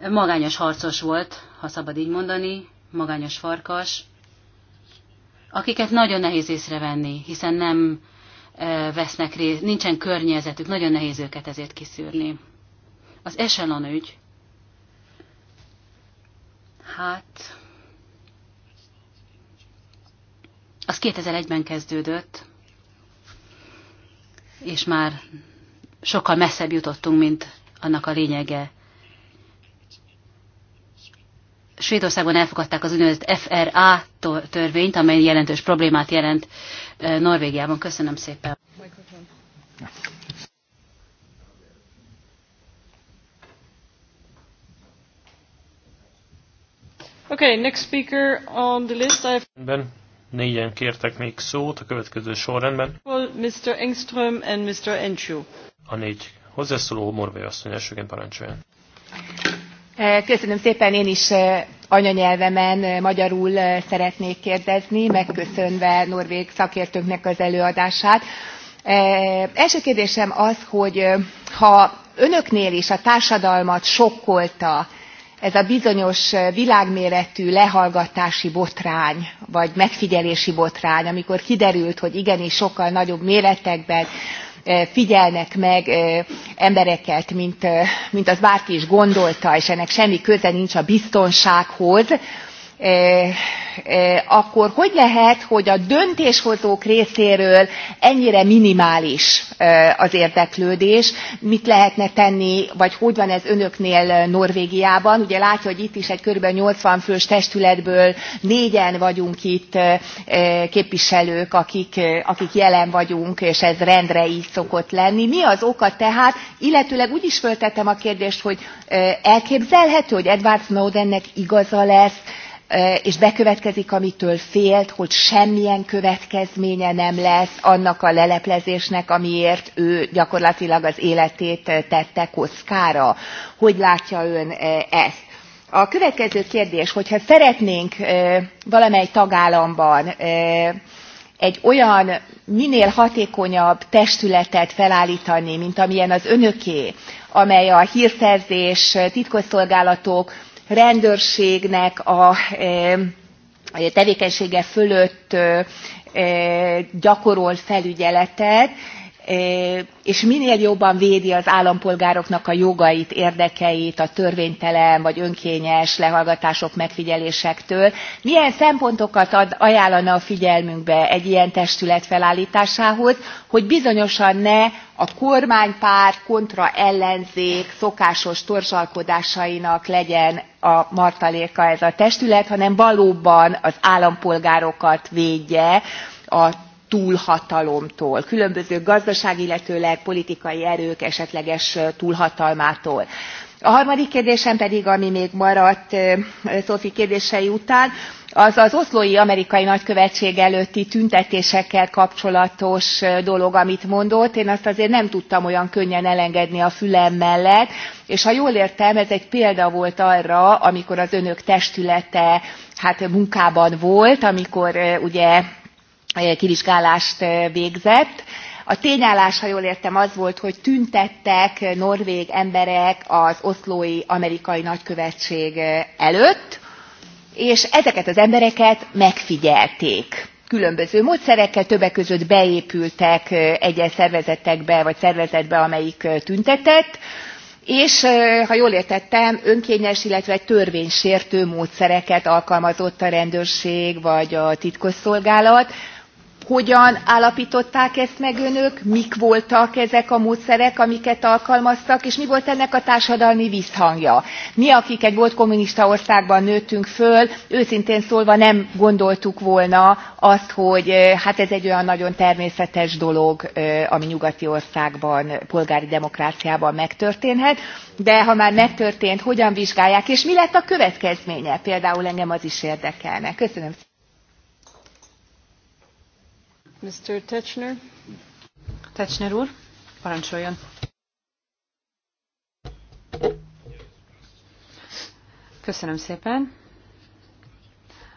Magányos harcos volt, ha szabad így mondani, magányos farkas, akiket nagyon nehéz észrevenni, hiszen nem e, vesznek részt, nincsen környezetük, nagyon nehéz őket ezért kiszűrni. Az eselon ügy, hát, az 2001-ben kezdődött, és már sokkal messzebb jutottunk, mint annak a lényege. Svédországban elfogadták az úgynevezett FRA törvényt, amely jelentős problémát jelent e, Norvégiában. Köszönöm szépen. Okay, next speaker on the list. I've... Négyen kértek még szót a következő sorrendben. Well, Mr. Engström and Mr. Enchu. A négy hozzászóló Morvai asszony elsőként parancsoljon. E, köszönöm szépen, én is e, anyanyelvemen e, magyarul szeretnék kérdezni, megköszönve norvég szakértőknek az előadását. Első kérdésem az, hogy ha önöknél is a társadalmat sokkolta ez a bizonyos eh, világméretű lehallgatási botrány vagy megfigyelési botrány amikor kiderült hogy igenis sokkal nagyobb méretekben eh, figyelnek meg eh, embereket mint, mint azt bárki is gondolta és ennek semmi köze nincs a biztonsághoz akkor hogy lehet hogy a döntéshozók részéről ennyire minimális az érdeklődés mit lehetne tenni vagy hogy van ez önöknél norvégiában ugye látja hogy itt is egy körülbelül eighty fős testületből négyen vagyunk itt képviselők akik, akik jelen vagyunk és ez rendre gy szokott lenni mi az oka tehát illetőleg úgy is föltettem a kérdést hogy elképzelhető hogy edward snowdennek igaza lesz és bekövetkezik, amitől félt, hogy semmilyen következménye nem lesz annak a leleplezésnek, amiért ő gyakorlatilag az életét tette kockára. Hogy látja ön ezt? A következő kérdés, hogyha szeretnénk valamely tagállamban egy olyan minél hatékonyabb testületet felállítani, mint amilyen az önöké, amely a hírszerzés, titkosszolgálatok, rendőrségnek eh, a tevékenysége fölött eh, gyakorol felügyeletet és minél jobban védi az állampolgároknak a jogait érdekeit a törvénytelen vagy önkényes lehallgatások megfigyelésektől milyen szempontokat ajánlana a figyelmünkbe egy ilyen testület felálltásához hogy bizonyosan ne a kormánypárt kontra ellenzék szokásos torzsalkodásainak legyen a martaléka ez a testület hanem valóban az állampolgárokat védje a túlhatalomtól különböző gazdasági illetőleg politikai erők esetleges túlhatalmától. a harmadik kérdésem pedig ami még maradt sophie kérdései után az az oszlói amerikai nagykövetség előtti tüntetésekkel kapcsolatos dolog amit mondott én azt azért nem tudtam olyan könnyen elengedni a fülem mellett és ha jól értem ez egy példa volt arra amikor az önök testülete hát munkában volt amikor ugye Eh, kivizsgálást eh, végzett. A tényállás, ha jól értem, az volt, hogy tüntettek norvég emberek az oszlói amerikai nagykövetség eh, előtt, és ezeket az embereket megfigyelték különböző módszerekkel többek között beépültek egyes szervezetekbe vagy szervezetbe amelyik tüntetett és ha jól értettem önkényes illetve törvénysértő módszereket alkalmazott a rendőrség vagy a titkosszolgálat hogyan állaptották ezt meg önök mik voltak ezek a módszerek amiket alkalmaztak és mi volt ennek a társadalmi visszhangja? mi akik egy volt kommunista országban nőttünk föl őszintén szólva nem gondoltuk volna azt hogy hát ez egy olyan nagyon természetes dolog ami nyugati országban polgári demokráciában megtörténhet de ha már megtörtént hogyan vizsgálják és mi lett a következménye például engem az is érdekelne. köszönöm Mr. Techner. Techner úr, parancsoljon. Köszönöm szépen.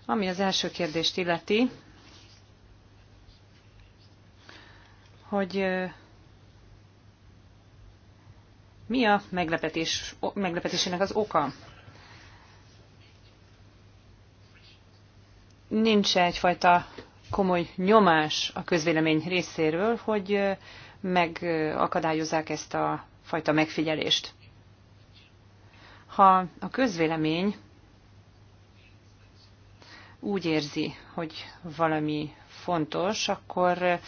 Ami az első kérdést illeti, hogy mi a meglepetés, meglepetésének az oka? Nincs egyfajta komoly nyomás a közvélemény részéről, hogy megakadályozzák ezt a fajta megfigyelést. Ha a közvélemény úgy érzi, hogy valami fontos, akkor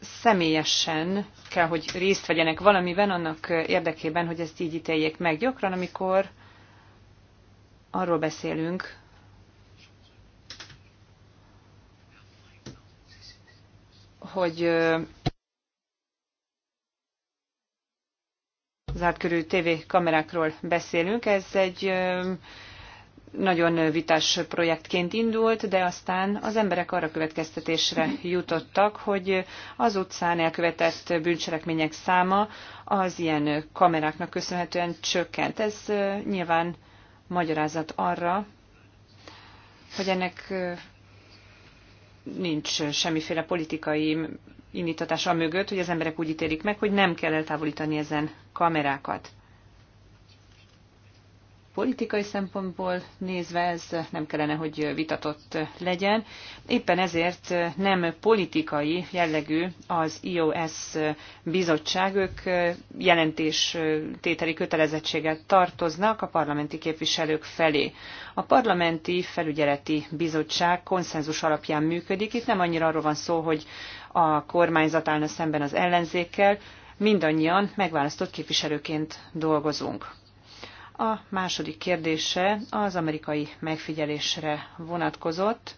személyesen kell, hogy részt vegyenek valamiben annak érdekében, hogy ezt így ítéljék meg. Gyakran, amikor arról beszélünk, hogy zárt körű TV kamerákról beszélünk. Ez egy nagyon vitás projektként indult, de aztán az emberek arra következtetésre jutottak, hogy az utcán elkövetett bűncselekmények száma az ilyen kameráknak köszönhetően csökkent. Ez nyilván magyarázat arra, hogy ennek nincs semmiféle politikai indítatása mögött, hogy az emberek úgy télik meg, hogy nem kell eltávoltani ezen kamerákat. Politikai szempontból nézve ez nem kellene, hogy vitatott legyen. Éppen ezért nem politikai jellegű az IOS bizottság, ők jelentés tételi kötelezettséget tartoznak a parlamenti képviselők felé. A parlamenti felügyeleti bizottság konszenzus alapján működik, itt nem annyira arról van szó, hogy a kormányzat állna szemben az ellenzékkel, mindannyian megválasztott képviselőként dolgozunk. A második kérdése az amerikai megfigyelésre vonatkozott.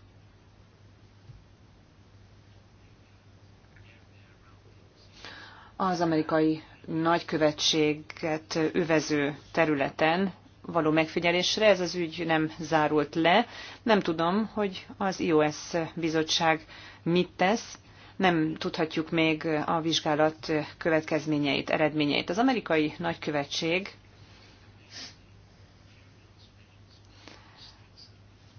Az amerikai nagykövetséget övező területen való megfigyelésre. Ez az ügy nem zárult le. Nem tudom, hogy az IOS bizottság mit tesz. Nem tudhatjuk még a vizsgálat következményeit, eredményeit. Az amerikai nagykövetség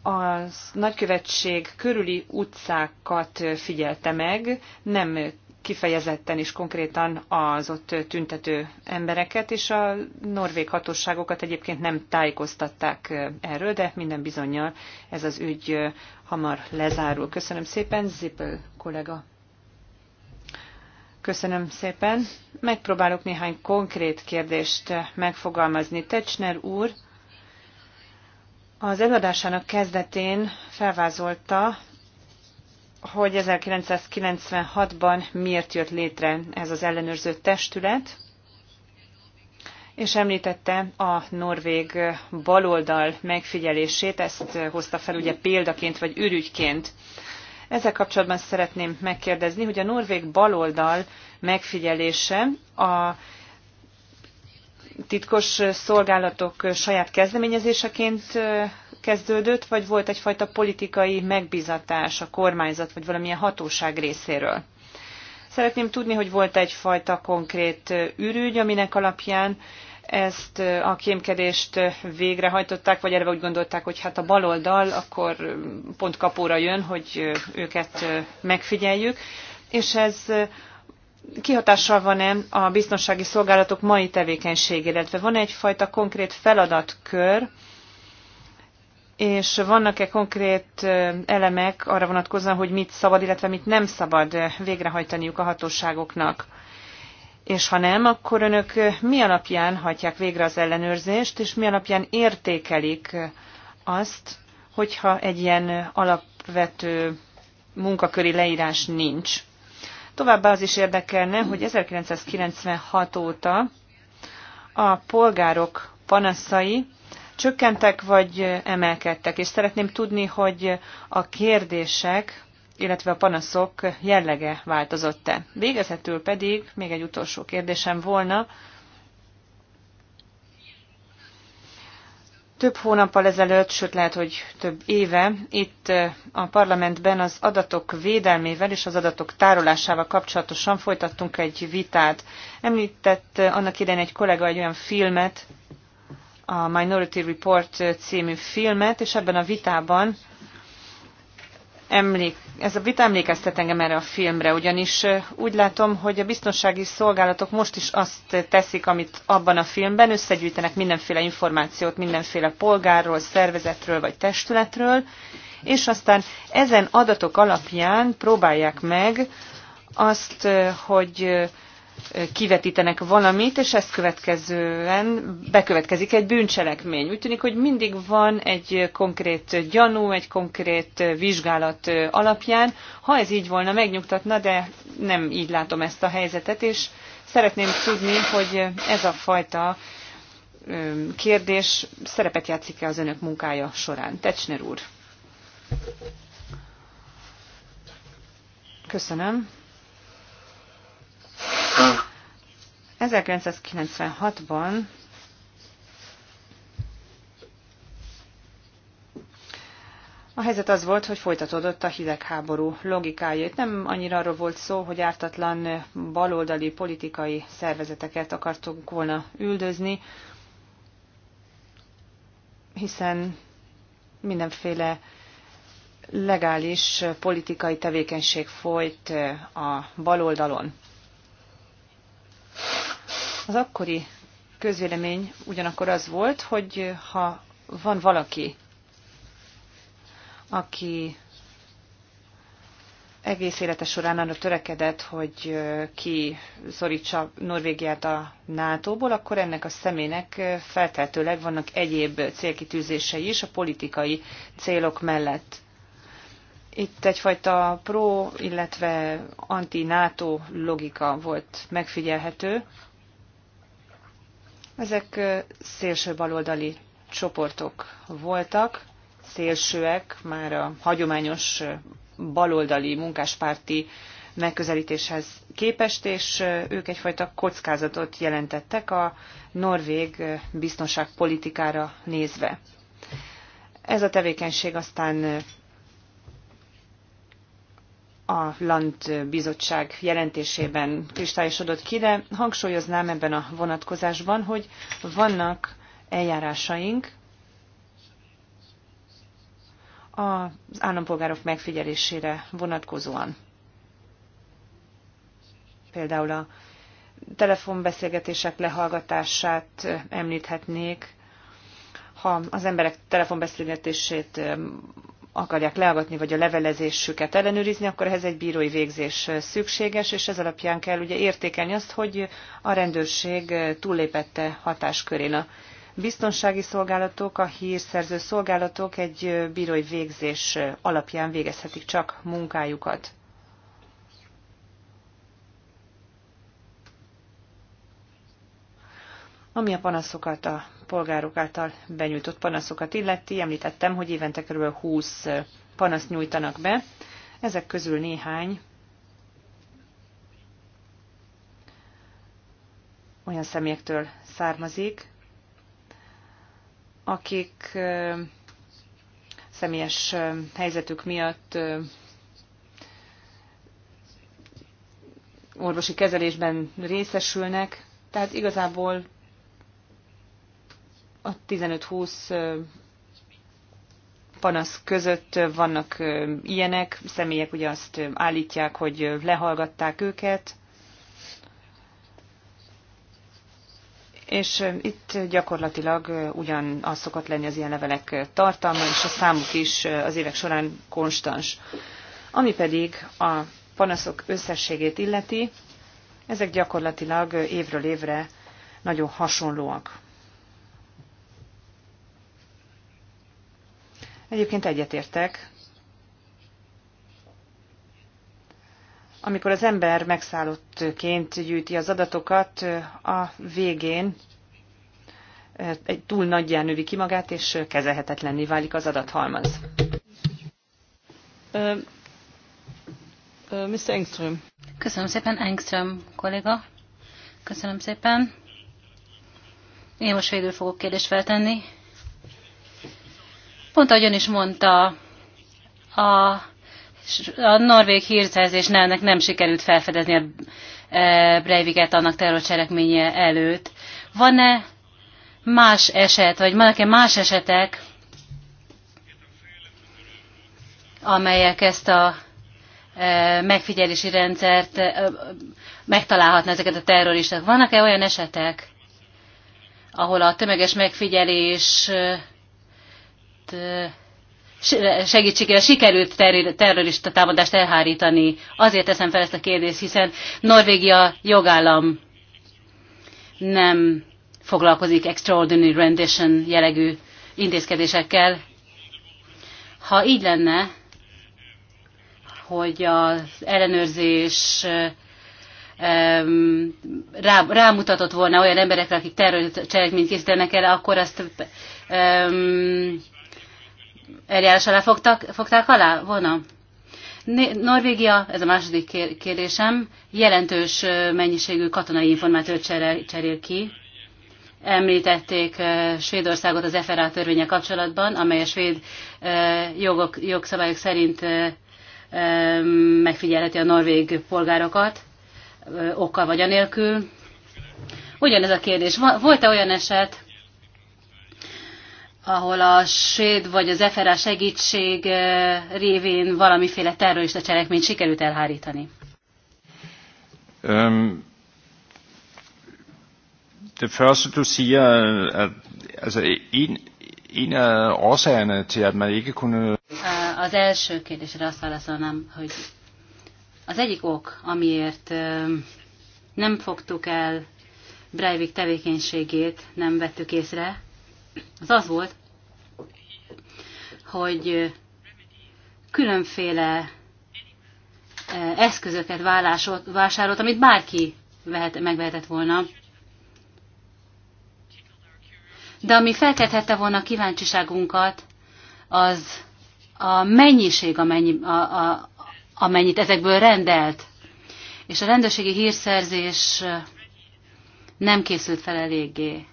az nagykövetség körüli utcákat figyelte meg, nem kifejezetten is konkrétan az ott tüntető embereket, és a norvég hatóságokat egyébként nem tájékoztatták erről, de minden bizonyal ez az ügy hamar lezárul. Köszönöm szépen, Zippel kollega. Köszönöm szépen. Megpróbálok néhány konkrét kérdést megfogalmazni. Tecsner úr, az előadásának kezdetén felvázolta, hogy 1996-ban miért jött létre ez az ellenőrző testület, és említette a norvég baloldal megfigyelését, ezt hozta fel ugye példaként vagy ürügyként. Ezzel kapcsolatban szeretném megkérdezni, hogy a norvég baloldal megfigyelése a titkos szolgálatok saját kezdeményezéseként kezdődött, vagy volt egyfajta politikai megbizatás a kormányzat, vagy valamilyen hatóság részéről? Szeretném tudni, hogy volt egyfajta konkrét ürügy, aminek alapján ezt a kémkedést végrehajtották, vagy erre úgy gondolták, hogy hát a baloldal akkor pont kapóra jön, hogy őket megfigyeljük, és ez kihatással van-e a biztonsági szolgálatok mai tevékenységére, illetve van -e egyfajta konkrét feladatkör, és vannak-e konkrét elemek arra vonatkozóan, hogy mit szabad, illetve mit nem szabad végrehajtaniuk a hatóságoknak? És ha nem, akkor önök mi alapján hajtják végre az ellenőrzést, és mi alapján értékelik azt, hogyha egy ilyen alapvető munkaköri leírás nincs? Továbbá az is érdekelne, hogy 1996 óta a polgárok panaszai csökkentek vagy emelkedtek, és szeretném tudni, hogy a kérdések, illetve a panaszok jellege változott-e. Végezetül pedig még egy utolsó kérdésem volna, Több hónappal ezelőtt, sőt lehet, hogy több éve itt eh, a parlamentben az adatok védelmével és az adatok tárolásával kapcsolatosan folytattunk egy vitát. Említett eh, annak idején egy kollega egy olyan filmet, a Minority Report eh, című filmet, és ebben a vitában emlék, ez a vita emlékeztet engem erre a filmre, ugyanis úgy látom, hogy a biztonsági szolgálatok most is azt teszik, amit abban a filmben, összegyűjtenek mindenféle információt mindenféle polgárról, szervezetről vagy testületről, és aztán ezen adatok alapján próbálják meg azt, hogy kivetítenek valamit, és ezt következően bekövetkezik egy bűncselekmény. Úgy tűnik, hogy mindig van egy konkrét gyanú, egy konkrét vizsgálat alapján. Ha ez így volna, megnyugtatna, de nem így látom ezt a helyzetet, és szeretném tudni, hogy ez a fajta kérdés szerepet játszik-e az önök munkája során. Tecsner úr. Köszönöm. 1996-ban A helyzet az volt, hogy folytatódott a hidegháború logikája. Itt nem annyira arról volt szó, hogy ártatlan baloldali politikai szervezeteket akartunk volna üldözni, hiszen mindenféle legális politikai tevékenység folyt a baloldalon. Az akkori közvélemény ugyanakkor az volt, hogy ha van valaki, aki egész élete során arra törekedett, hogy ki szorítsa Norvégiát a NATO-ból, akkor ennek a személynek feltehetőleg vannak egyéb célkitűzései is a politikai célok mellett. Itt egyfajta pro, illetve anti-NATO logika volt megfigyelhető, ezek szélső baloldali csoportok voltak, szélsőek, már a hagyományos baloldali munkáspárti megközelítéshez képest, és ők egyfajta kockázatot jelentettek a norvég biztonságpolitikára nézve. Ez a tevékenység aztán a Land Bizottság jelentésében kristályosodott ki, de hangsúlyoznám ebben a vonatkozásban, hogy vannak eljárásaink az állampolgárok megfigyelésére vonatkozóan. Például a telefonbeszélgetések lehallgatását említhetnék, ha az emberek telefonbeszélgetését akarják leagatni, vagy a levelezésüket ellenőrizni, akkor ehhez egy bírói végzés szükséges, és ez alapján kell ugye értékelni azt, hogy a rendőrség túllépette hatáskörén a biztonsági szolgálatok, a hírszerző szolgálatok egy bírói végzés alapján végezhetik csak munkájukat. Ami a panaszokat, a polgárok által benyújtott panaszokat illeti. Említettem, hogy évente kb. 20 panaszt nyújtanak be. Ezek közül néhány olyan személyektől származik, akik személyes helyzetük miatt orvosi kezelésben részesülnek, tehát igazából a 15-20 panasz között vannak ilyenek, személyek ugye azt állítják, hogy lehallgatták őket, és itt gyakorlatilag ugyanaz szokott lenni az ilyen levelek tartalma, és a számuk is az évek során konstans. Ami pedig a panaszok összességét illeti, ezek gyakorlatilag évről évre nagyon hasonlóak. Egyébként egyetértek. Amikor az ember megszállottként gyűjti az adatokat, a végén eh, egy túl nagyján növi ki magát, és kezelhetetlenné válik az adathalmaz. Mr. Engström. Köszönöm szépen, Engström kolléga. Köszönöm szépen. Én most végül fogok kérdést feltenni. Pont ahogyan is mondta, a, a norvég hírszerzés nemnek nem sikerült felfedezni a e, Breiviket annak terrorcselekménye előtt. Van-e más eset, vagy vannak-e más esetek, amelyek ezt a e, megfigyelési rendszert e, megtalálhatna ezeket a terroristák. Vannak-e olyan esetek, ahol a tömeges megfigyelés segítségére sikerült terrorista támadást elhárítani. Azért teszem fel ezt a kérdést, hiszen Norvégia jogállam nem foglalkozik extraordinary rendition jellegű intézkedésekkel. Ha így lenne, hogy az ellenőrzés rámutatott volna olyan emberekre, akik terrorcselekményt készítenek el, akkor azt eljárás alá fogtak, fogták alá volna? Norvégia, ez a második kérdésem, jelentős mennyiségű katonai információt cserél, ki. Említették Svédországot az FRA törvénye kapcsolatban, amely a svéd jogok, jogszabályok szerint megfigyelheti a norvég polgárokat, okkal vagy anélkül. Ugyanez a kérdés. Volt-e olyan eset, ahol a séd vagy az EFERA segítség eh, révén valamiféle terrorista cselekményt sikerült elhárítani? Um, det første du siger, at er, altså, en, en af årsagerne til, at man ikke kunne... Eh, az első kérdésre azt válaszolnám, hogy az egyik ok, amiért nem fogtuk el Breivik tevékenységét, nem vettük észre, az az volt, hogy különféle e, eszközöket vásárolt, amit bárki vehet, megvehetett volna. De ami felkelthette volna a kíváncsiságunkat, az a mennyiség, amennyi, a, a, amennyit ezekből rendelt. És a rendőrségi hírszerzés nem készült fel eléggé.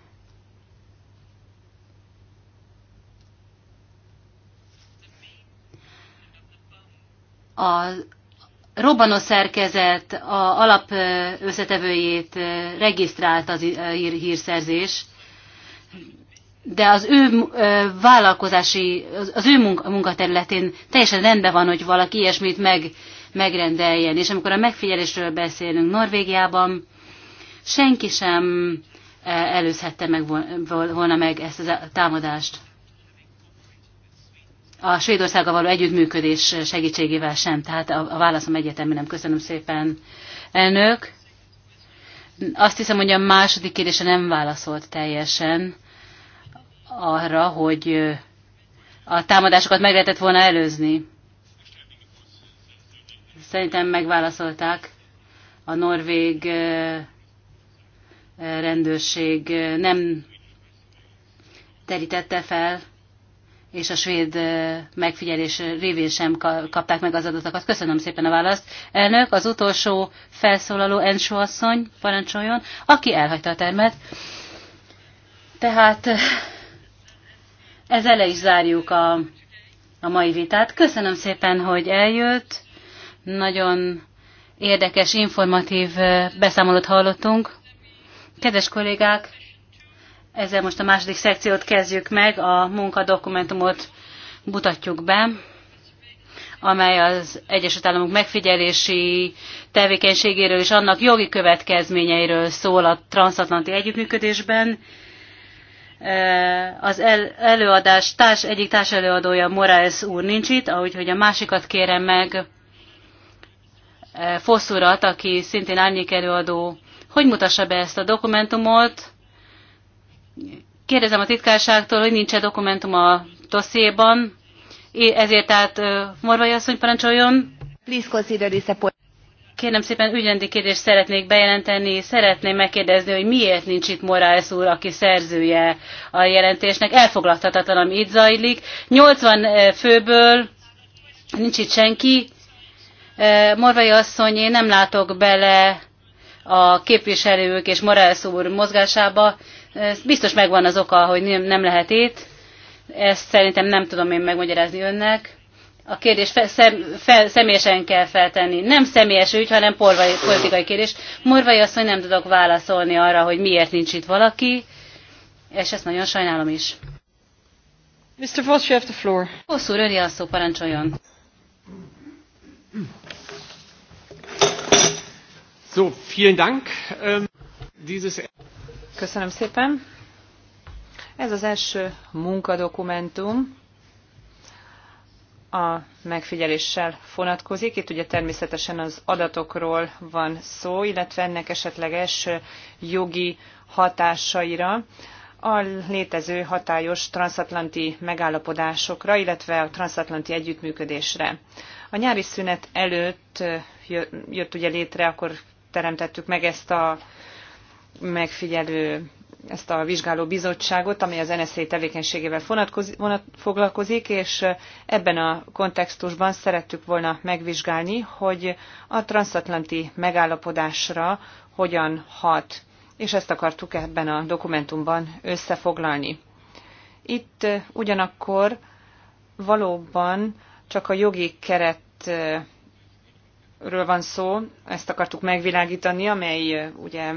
a szerkezet, a alap összetevőjét regisztrált az hír, hírszerzés, de az ő vállalkozási, az ő munkaterületén teljesen rendben van, hogy valaki ilyesmit meg, megrendeljen. És amikor a megfigyelésről beszélünk Norvégiában, senki sem előzhette meg volna meg ezt a támadást a Svédországgal való együttműködés segítségével sem. Tehát a, a válaszom egyetemű nem. Köszönöm szépen, elnök. Azt hiszem, hogy a második kérdése nem válaszolt teljesen arra, hogy a támadásokat meg lehetett volna előzni. Szerintem megválaszolták a norvég rendőrség nem terítette fel és a svéd megfigyelés révén sem kapták meg az adatokat. Köszönöm szépen a választ. Elnök, az utolsó felszólaló Ensó asszony, parancsoljon, aki elhagyta a termet. Tehát ezzel le is zárjuk a, a mai vitát. Köszönöm szépen, hogy eljött. Nagyon érdekes, informatív beszámolót hallottunk. Kedves kollégák, ezzel most a második szekciót kezdjük meg, a munkadokumentumot mutatjuk be, amely az Egyesült Államok megfigyelési tevékenységéről és annak jogi következményeiről szól a transatlanti együttműködésben. Eh, az előadás társ, egyik előadója Morales úr nincs itt, ahogy hogy a másikat kérem meg, eh, Fosz aki szintén árnyék előadó, hogy mutassa be ezt a dokumentumot, Kérdezem a titkárságtól, hogy nincs-e dokumentum a dossziéban, ezért tehát Morvai asszony parancsoljon. Kérem szépen ügyrendi kérdést szeretnék bejelenteni, szeretném megkérdezni, hogy miért nincs itt Morales úr, aki szerzője a jelentésnek. Elfoglalhatatlan, ami itt zajlik. 80 főből nincs itt senki. Morvai asszony, én nem látok bele a képviselők és Morales úr mozgásába. Biztos megvan az oka, hogy nem lehet itt. Ezt szerintem nem tudom én megmagyarázni önnek. A kérdés fe, szem, fe, személyesen kell feltenni. Nem személyes ügy, hanem porvai, politikai kérdés. Morvai azt, hogy nem tudok válaszolni arra, hogy miért nincs itt valaki, és ezt nagyon sajnálom is. Mr. Voss, you have the floor. Voss úr, a szó, parancsoljon. So, vielen Dank. Um, dieses... Köszönöm szépen. Ez az első munkadokumentum a megfigyeléssel vonatkozik. Itt ugye természetesen az adatokról van szó, illetve ennek esetleges jogi hatásaira a létező hatályos transatlanti megállapodásokra, illetve a transatlanti együttműködésre. A nyári szünet előtt jött ugye létre, akkor teremtettük meg ezt a megfigyelő ezt a vizsgáló bizottságot, amely az NSZ tevékenységével vonat, foglalkozik, és eh, ebben a kontextusban szerettük volna megvizsgálni, hogy a transatlanti megállapodásra hogyan hat, és ezt akartuk ebben a dokumentumban összefoglalni. Itt eh, ugyanakkor valóban csak a jogi keretről van szó, ezt akartuk megvilágítani, amely eh, ugye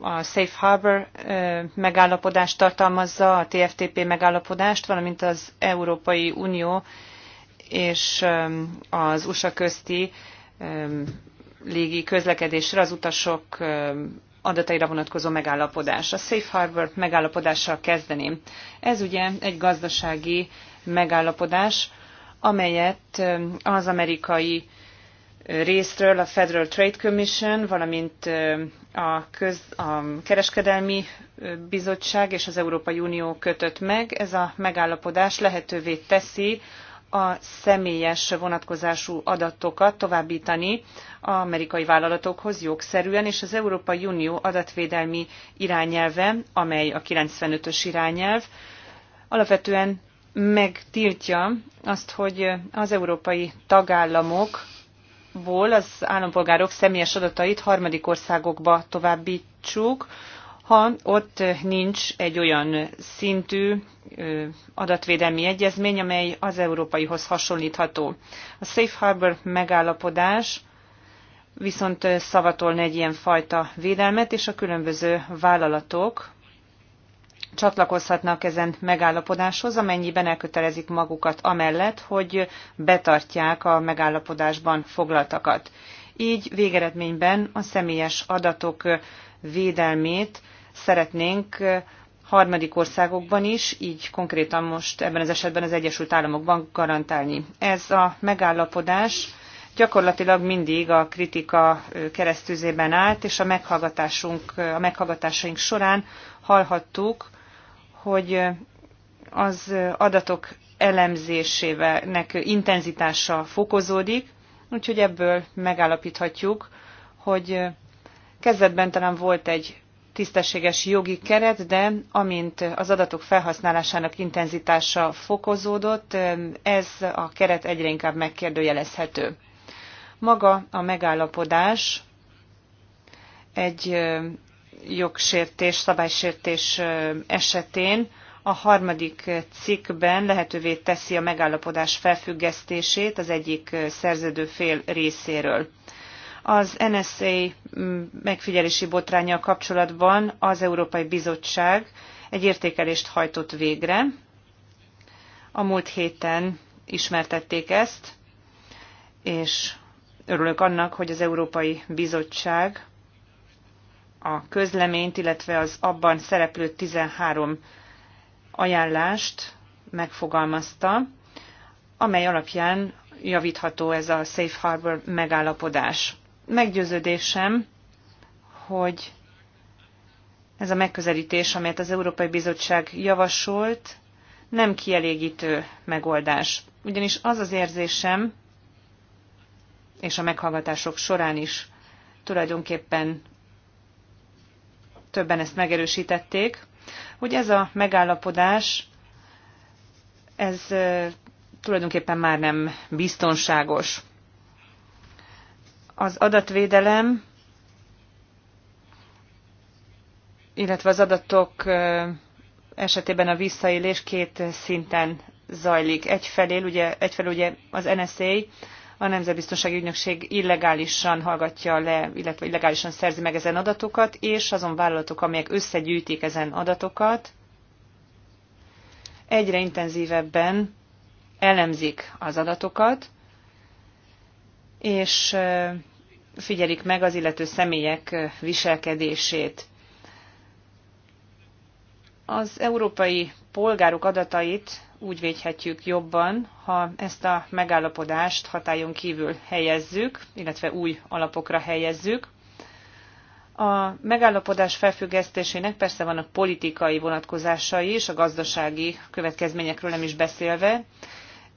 a Safe Harbor megállapodást tartalmazza, a TFTP megállapodást, valamint az Európai Unió és az USA közti légi közlekedésre az utasok adataira vonatkozó megállapodás. A Safe Harbor megállapodással kezdeném. Ez ugye egy gazdasági megállapodás, amelyet az amerikai részről a Federal Trade Commission, valamint a, köz, a kereskedelmi bizottság és az Európai Unió kötött meg. Ez a megállapodás lehetővé teszi a személyes vonatkozású adatokat továbbítani amerikai vállalatokhoz jogszerűen, és az Európai Unió adatvédelmi irányelve, amely a 95-ös irányelv, alapvetően megtiltja azt, hogy az európai tagállamok ból az állampolgárok személyes adatait harmadik országokba továbbítsuk, ha ott nincs egy olyan szintű adatvédelmi egyezmény, amely az európaihoz hasonlítható. A Safe Harbor megállapodás viszont szavatolna egy ilyen fajta védelmet, és a különböző vállalatok csatlakozhatnak ezen megállapodáshoz, amennyiben elkötelezik magukat amellett, hogy betartják a megállapodásban foglaltakat. Így végeredményben a személyes adatok védelmét szeretnénk harmadik országokban is, így konkrétan most ebben az esetben az Egyesült Államokban garantálni. Ez a megállapodás gyakorlatilag mindig a kritika keresztüzében állt, és a meghallgatásunk, a meghallgatásaink során hallhattuk hogy az adatok elemzésének intenzitása fokozódik, úgyhogy ebből megállapíthatjuk, hogy kezdetben talán volt egy tisztességes jogi keret, de amint az adatok felhasználásának intenzitása fokozódott, ez a keret egyre inkább megkérdőjelezhető. Maga a megállapodás egy jogsértés, szabálysértés esetén a harmadik cikkben lehetővé teszi a megállapodás felfüggesztését az egyik szerződő fél részéről. Az NSA megfigyelési botránya kapcsolatban az Európai Bizottság egy értékelést hajtott végre. A múlt héten ismertették ezt, és örülök annak, hogy az Európai Bizottság a közleményt, illetve az abban szereplő 13 ajánlást megfogalmazta, amely alapján javítható ez a Safe Harbor megállapodás. Meggyőződésem, hogy ez a megközelítés, amelyet az Európai Bizottság javasolt, nem kielégítő megoldás. Ugyanis az az érzésem, és a meghallgatások során is tulajdonképpen többen ezt megerősítették, hogy ez a megállapodás, ez tulajdonképpen már nem biztonságos. Az adatvédelem, illetve az adatok esetében a visszaélés két szinten zajlik. Egyfelől ugye, egyfelé ugye az NSA a Nemzetbiztonsági Ügynökség illegálisan hallgatja le, illetve illegálisan szerzi meg ezen adatokat, és azon vállalatok, amelyek összegyűjtik ezen adatokat, egyre intenzívebben elemzik az adatokat, és figyelik meg az illető személyek viselkedését. Az európai polgárok adatait úgy védhetjük jobban, ha ezt a megállapodást hatályon kívül helyezzük, illetve új alapokra helyezzük. A megállapodás felfüggesztésének persze vannak politikai vonatkozásai és a gazdasági következményekről nem is beszélve.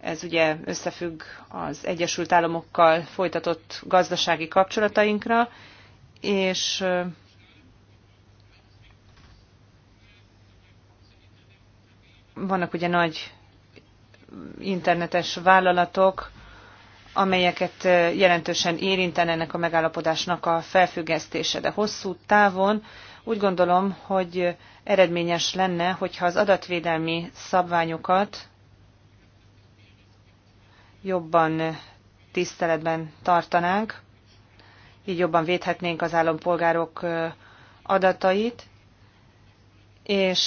Ez ugye összefügg az Egyesült Államokkal folytatott gazdasági kapcsolatainkra, és vannak ugye nagy internetes vállalatok, amelyeket jelentősen érinten ennek a megállapodásnak a felfüggesztése. De hosszú távon úgy gondolom, hogy eredményes lenne, hogyha az adatvédelmi szabványokat jobban tiszteletben tartanánk, így jobban védhetnénk az állampolgárok adatait, és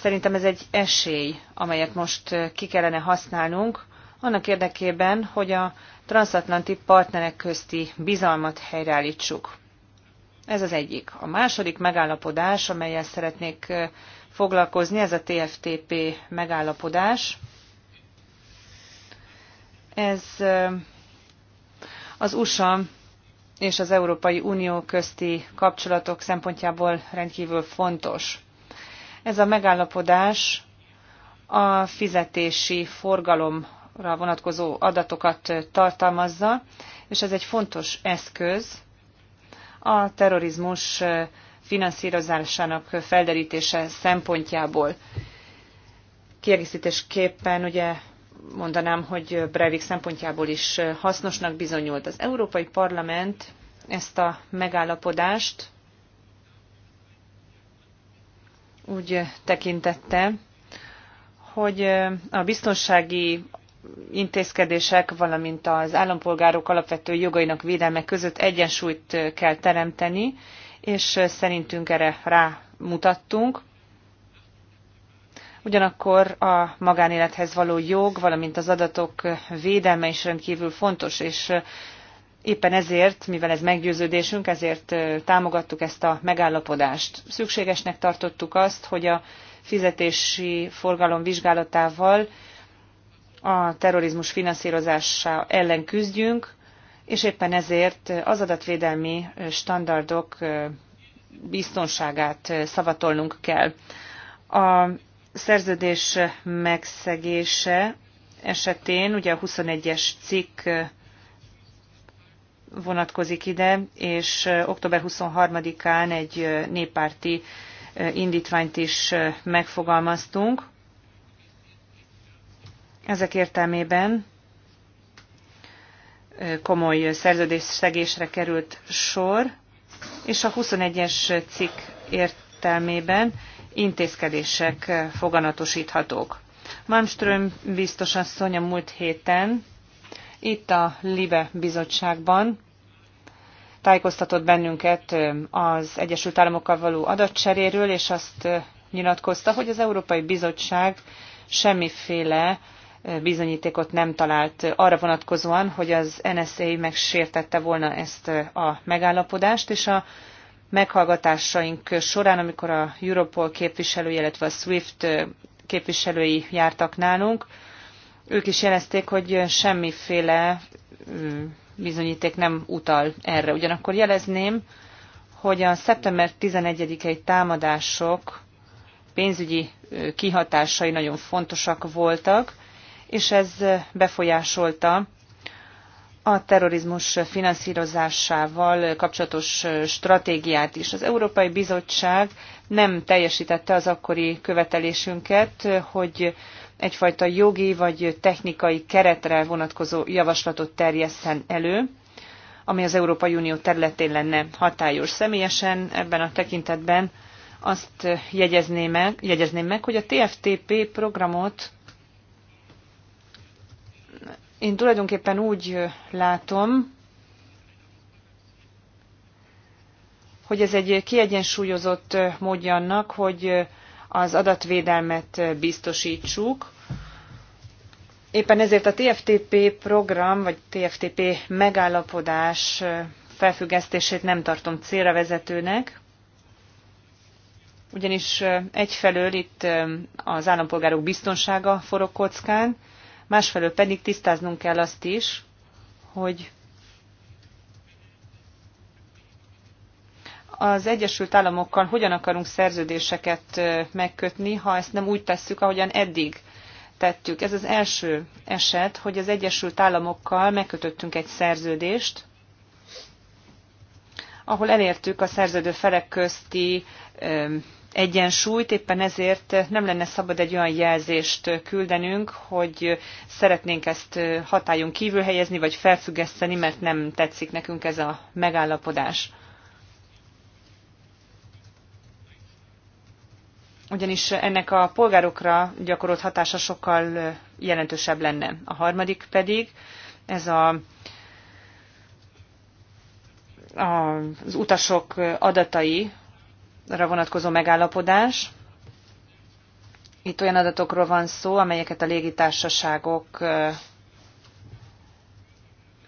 szerintem ez egy esély, amelyet most ki kellene használnunk, annak érdekében, hogy a transatlanti partnerek közti bizalmat helyreállítsuk. Ez az egyik. A második megállapodás, amelyel szeretnék foglalkozni, ez a TFTP megállapodás. Ez az USA és az Európai Unió közti kapcsolatok szempontjából rendkívül fontos. Ez a megállapodás a fizetési forgalomra vonatkozó adatokat tartalmazza, és ez egy fontos eszköz a terrorizmus finanszírozásának felderítése szempontjából. Kiegészítésképpen ugye mondanám, hogy Breivik szempontjából is hasznosnak bizonyult. Az Európai Parlament ezt a megállapodást úgy eh, tekintette, hogy eh, a biztonsági intézkedések, valamint az állampolgárok alapvető jogainak védelme között egyensúlyt eh, kell teremteni, és szerintünk erre rámutattunk. Ugyanakkor a magánélethez való jog, valamint az adatok védelme is rendkívül fontos, és Éppen ezért, mivel ez meggyőződésünk, ezért támogattuk ezt a megállapodást. Szükségesnek tartottuk azt, hogy a fizetési forgalom vizsgálatával a terrorizmus finanszírozása ellen küzdjünk, és éppen ezért az adatvédelmi standardok biztonságát szavatolnunk kell. A szerződés megszegése esetén ugye a 21-es cikk vonatkozik ide, és október 23-án egy néppárti indítványt is megfogalmaztunk. Ezek értelmében komoly szerződésszegésre került sor, és a 21-es cikk értelmében intézkedések foganatosíthatók. Malmström biztos asszony a múlt héten itt a LIBE bizottságban tájékoztatott bennünket az Egyesült Államokkal való adatcseréről, és azt nyilatkozta, hogy az Európai Bizottság semmiféle bizonyítékot nem talált arra vonatkozóan, hogy az NSA megsértette volna ezt a megállapodást, és a meghallgatásaink során, amikor a Europol képviselői, illetve a SWIFT képviselői jártak nálunk, ők is jelezték, hogy semmiféle bizonyíték nem utal erre. Ugyanakkor jelezném, hogy a szeptember 11-i támadások pénzügyi kihatásai nagyon fontosak voltak, és ez befolyásolta a terrorizmus finanszírozásával kapcsolatos stratégiát is. Az Európai Bizottság nem teljesítette az akkori követelésünket, hogy egyfajta jogi vagy technikai keretre vonatkozó javaslatot terjesszen elő, ami az Európai Unió területén lenne hatályos. Személyesen ebben a tekintetben azt jegyezném meg, jegyezném meg hogy a TFTP programot én tulajdonképpen úgy látom, hogy ez egy kiegyensúlyozott módja annak, hogy az adatvédelmet biztosítsuk. Éppen ezért a TFTP program, vagy TFTP megállapodás felfüggesztését nem tartom célra vezetőnek, ugyanis egyfelől itt az állampolgárok biztonsága forog kockán, másfelől pedig tisztáznunk kell azt is, hogy az Egyesült Államokkal hogyan akarunk szerződéseket megkötni, ha ezt nem úgy tesszük, ahogyan eddig tettük. Ez az első eset, hogy az Egyesült Államokkal megkötöttünk egy szerződést, ahol elértük a szerződő felek közti egyensúlyt, éppen ezért nem lenne szabad egy olyan jelzést küldenünk, hogy szeretnénk ezt hatályon kívül helyezni, vagy felfüggeszteni, mert nem tetszik nekünk ez a megállapodás. ugyanis ennek a polgárokra gyakorolt hatása sokkal jelentősebb lenne. A harmadik pedig ez a, a, az utasok adatai vonatkozó megállapodás. Itt olyan adatokról van szó, amelyeket a légitársaságok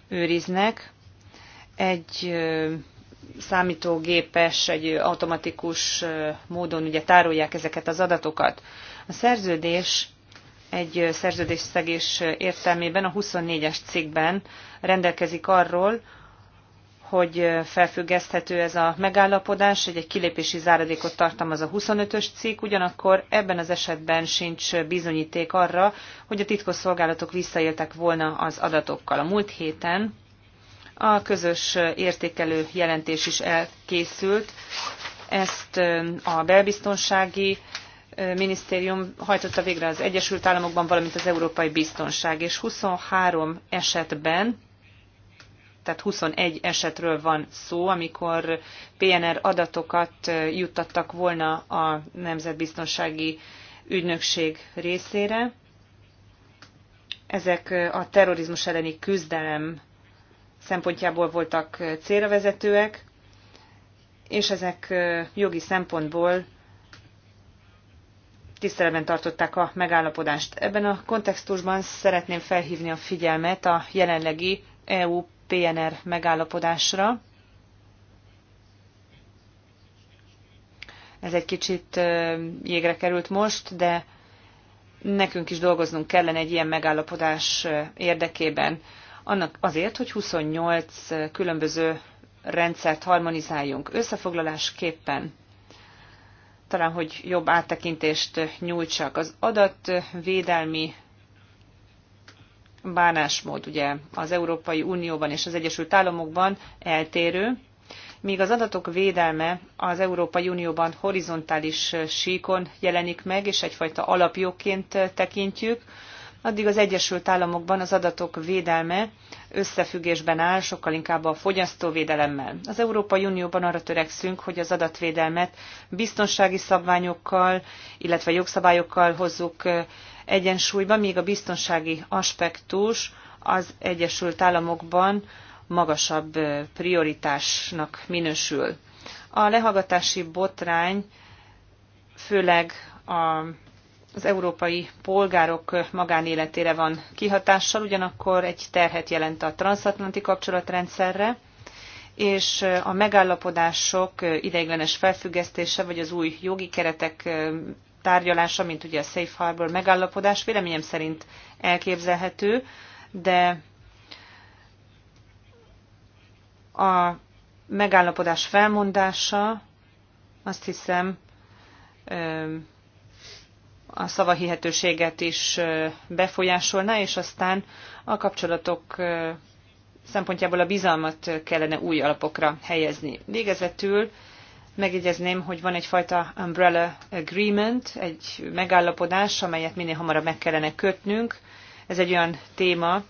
őriznek. Egy számítógépes, egy automatikus módon ugye tárolják ezeket az adatokat. A szerződés egy szerződésszegés értelmében a 24-es cikkben rendelkezik arról, hogy felfüggeszthető ez a megállapodás, hogy egy kilépési záradékot tartalmaz a 25-ös cikk, ugyanakkor ebben az esetben sincs bizonyíték arra, hogy a titkos szolgálatok visszaéltek volna az adatokkal. A múlt héten a közös értékelő jelentés is elkészült. Ezt a belbiztonsági minisztérium hajtotta végre az Egyesült Államokban, valamint az Európai Biztonság, és 23 esetben tehát 21 esetről van szó, amikor PNR adatokat juttattak volna a Nemzetbiztonsági Ügynökség részére. Ezek a terrorizmus elleni küzdelem szempontjából voltak célravezetőek, és ezek jogi szempontból tiszteletben tartották a megállapodást. Ebben a kontextusban szeretném felhívni a figyelmet a jelenlegi EU-PNR megállapodásra. Ez egy kicsit jégre került most, de nekünk is dolgoznunk kellene egy ilyen megállapodás érdekében annak azért, hogy 28 különböző rendszert harmonizáljunk. Összefoglalásképpen talán, hogy jobb áttekintést nyújtsak. Az adatvédelmi bánásmód ugye az Európai Unióban és az Egyesült Államokban eltérő, míg az adatok védelme az Európai Unióban horizontális síkon jelenik meg, és egyfajta alapjogként tekintjük, addig az Egyesült Államokban az adatok védelme összefüggésben áll sokkal inkább a fogyasztóvédelemmel. Az Európai Unióban arra törekszünk, hogy az adatvédelmet biztonsági szabványokkal, illetve jogszabályokkal hozzuk egyensúlyba, míg a biztonsági aspektus az Egyesült Államokban magasabb prioritásnak minősül. A lehallgatási botrány főleg a az európai polgárok magánéletére van kihatással, ugyanakkor egy terhet jelent a transatlanti kapcsolatrendszerre, és a megállapodások ideiglenes felfüggesztése, vagy az új jogi keretek tárgyalása, mint ugye a Safe Harbor megállapodás, véleményem szerint elképzelhető, de a megállapodás felmondása azt hiszem a szavahihetőséget is befolyásolná, és aztán a kapcsolatok szempontjából a bizalmat kellene új alapokra helyezni. Végezetül megjegyezném, hogy van egyfajta umbrella agreement, egy megállapodás, amelyet minél hamarabb meg kellene kötnünk. Ez egy olyan téma,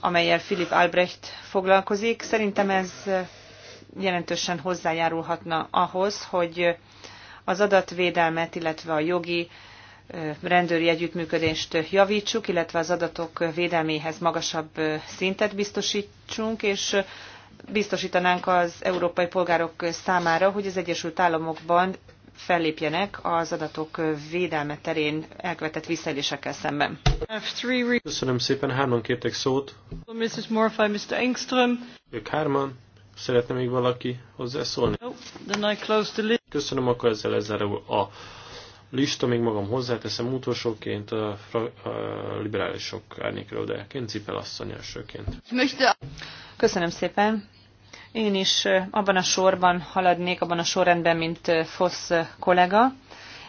amelyel Philip Albrecht foglalkozik. Szerintem ez jelentősen hozzájárulhatna ahhoz, hogy az adatvédelmet, illetve a jogi rendőri együttműködést javítsuk, illetve az adatok védelméhez magasabb szintet biztosítsunk, és biztosítanánk az európai polgárok számára, hogy az Egyesült Államokban fellépjenek az adatok védelme terén elkövetett visszaélésekkel szemben. Köszönöm szépen, hárman kértek szót. Mrs. Morfai, Mr. Engström. Ők hárman. Szeretne még valaki hozzászólni? No, then I close the lid. Köszönöm, akkor ezzel lezárul a lista, még magam hozzáteszem utolsóként a, a liberálisok én Cipel asszony elsőként. Köszönöm szépen. Én is abban a sorban haladnék, abban a sorrendben, mint Fosz kollega,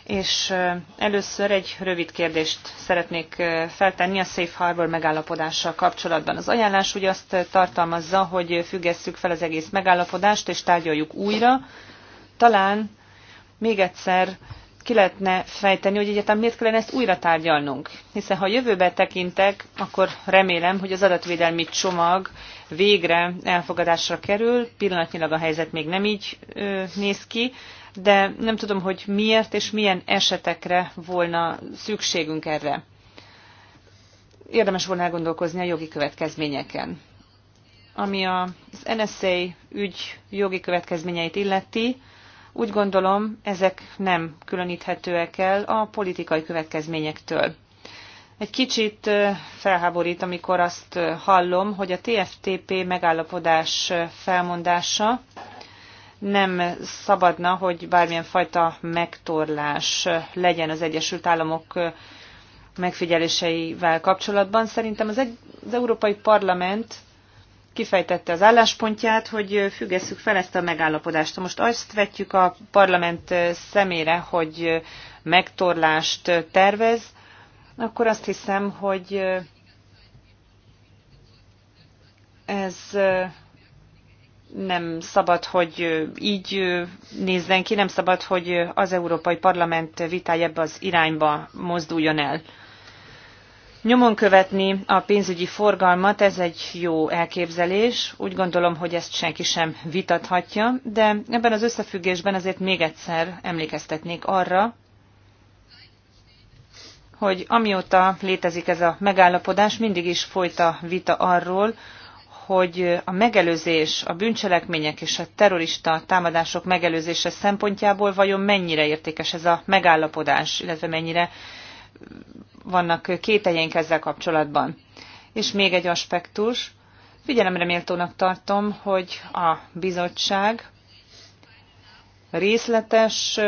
és először egy rövid kérdést szeretnék feltenni a Safe Harbor megállapodással kapcsolatban. Az ajánlás ugye azt tartalmazza, hogy függesszük fel az egész megállapodást, és tárgyaljuk újra, talán még egyszer ki lehetne fejteni, hogy egyetem miért kellene ezt újra tárgyalnunk. Hiszen ha a jövőbe tekintek, akkor remélem, hogy az adatvédelmi csomag végre elfogadásra kerül. Pillanatnyilag a helyzet még nem így ö, néz ki, de nem tudom, hogy miért és milyen esetekre volna szükségünk erre. Érdemes volna elgondolkozni a jogi következményeken. Ami az NSA ügy jogi következményeit illeti, úgy gondolom, ezek nem különíthetőek el a politikai következményektől. Egy kicsit felháborít, amikor azt hallom, hogy a TFTP megállapodás felmondása nem szabadna, hogy bármilyen fajta megtorlás legyen az Egyesült Államok megfigyeléseivel kapcsolatban. Szerintem az, egy, az Európai Parlament kifejtette az álláspontját, hogy függesszük fel ezt a megállapodást. Most azt vetjük a parlament szemére, hogy megtorlást tervez, akkor azt hiszem, hogy ez nem szabad, hogy így nézzen ki, nem szabad, hogy az Európai Parlament vitája ebbe az irányba mozduljon el. Nyomon követni a pénzügyi forgalmat, ez egy jó elképzelés, úgy gondolom, hogy ezt senki sem vitathatja, de ebben az összefüggésben azért még egyszer emlékeztetnék arra, hogy amióta létezik ez a megállapodás, mindig is folyt a vita arról, hogy a megelőzés, a bűncselekmények és a terrorista támadások megelőzése szempontjából vajon mennyire értékes ez a megállapodás, illetve mennyire vannak kételjeink ezzel kapcsolatban. És még egy aspektus, figyelemre méltónak tartom, hogy a bizottság részletes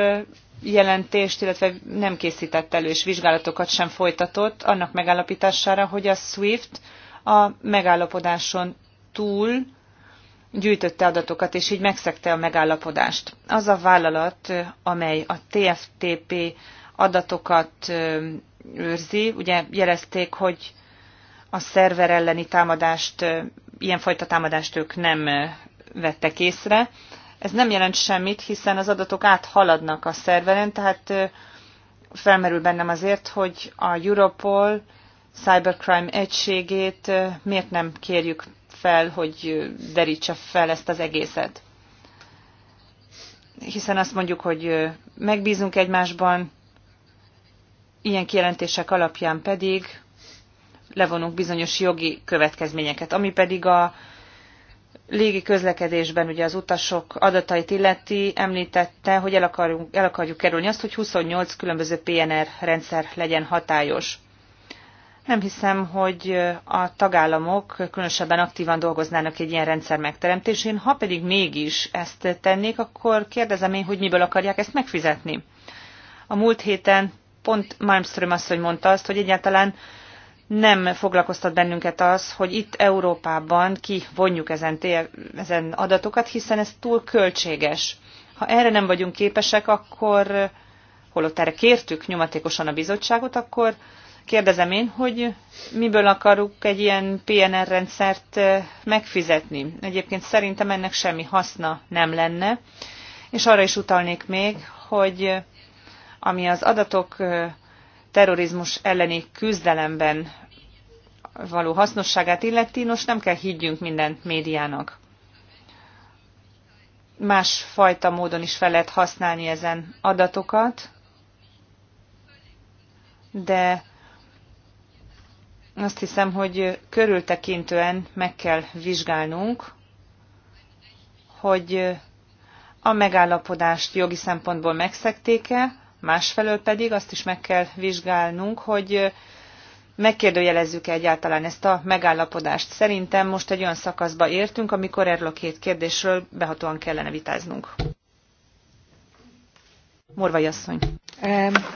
jelentést, illetve nem készített elő, és vizsgálatokat sem folytatott annak megállapítására, hogy a SWIFT a megállapodáson túl gyűjtötte adatokat, és így megszegte a megállapodást. Az a vállalat, amely a TFTP adatokat őrzi. Ugye jelezték, hogy a szerver elleni támadást, ilyenfajta támadást ők nem vettek észre. Ez nem jelent semmit, hiszen az adatok áthaladnak a szerveren, tehát felmerül bennem azért, hogy a Europol cybercrime egységét miért nem kérjük fel, hogy derítse fel ezt az egészet. Hiszen azt mondjuk, hogy megbízunk egymásban, Ilyen kijelentések alapján pedig levonunk bizonyos jogi következményeket, ami pedig a légi közlekedésben ugye az utasok adatait illeti, említette, hogy el, akarunk, el akarjuk kerülni azt, hogy 28 különböző PNR rendszer legyen hatályos. Nem hiszem, hogy a tagállamok különösebben aktívan dolgoznának egy ilyen rendszer megteremtésén. Ha pedig mégis ezt tennék, akkor kérdezem én, hogy miből akarják ezt megfizetni. A múlt héten pont Malmström asszony mondta azt, hogy egyáltalán nem foglalkoztat bennünket az, hogy itt Európában kivonjuk ezen, ezen adatokat, hiszen ez túl költséges. Ha erre nem vagyunk képesek, akkor holott erre kértük nyomatékosan a bizottságot, akkor kérdezem én, hogy miből akarunk egy ilyen PNR rendszert eh, megfizetni. Egyébként szerintem ennek semmi haszna nem lenne, és arra is utalnék még, hogy ami az adatok terrorizmus elleni küzdelemben való hasznosságát illeti, nos nem kell higgyünk mindent médiának. Másfajta módon is fel lehet használni ezen adatokat, de azt hiszem, hogy körültekintően meg kell vizsgálnunk, hogy a megállapodást jogi szempontból megszekték-e, Másfelől pedig azt is meg kell vizsgálnunk, hogy megkérdőjelezzük -e egyáltalán ezt a megállapodást. Szerintem most egy olyan szakaszba értünk, amikor erről a két kérdésről behatóan kellene vitáznunk. Morvai asszony.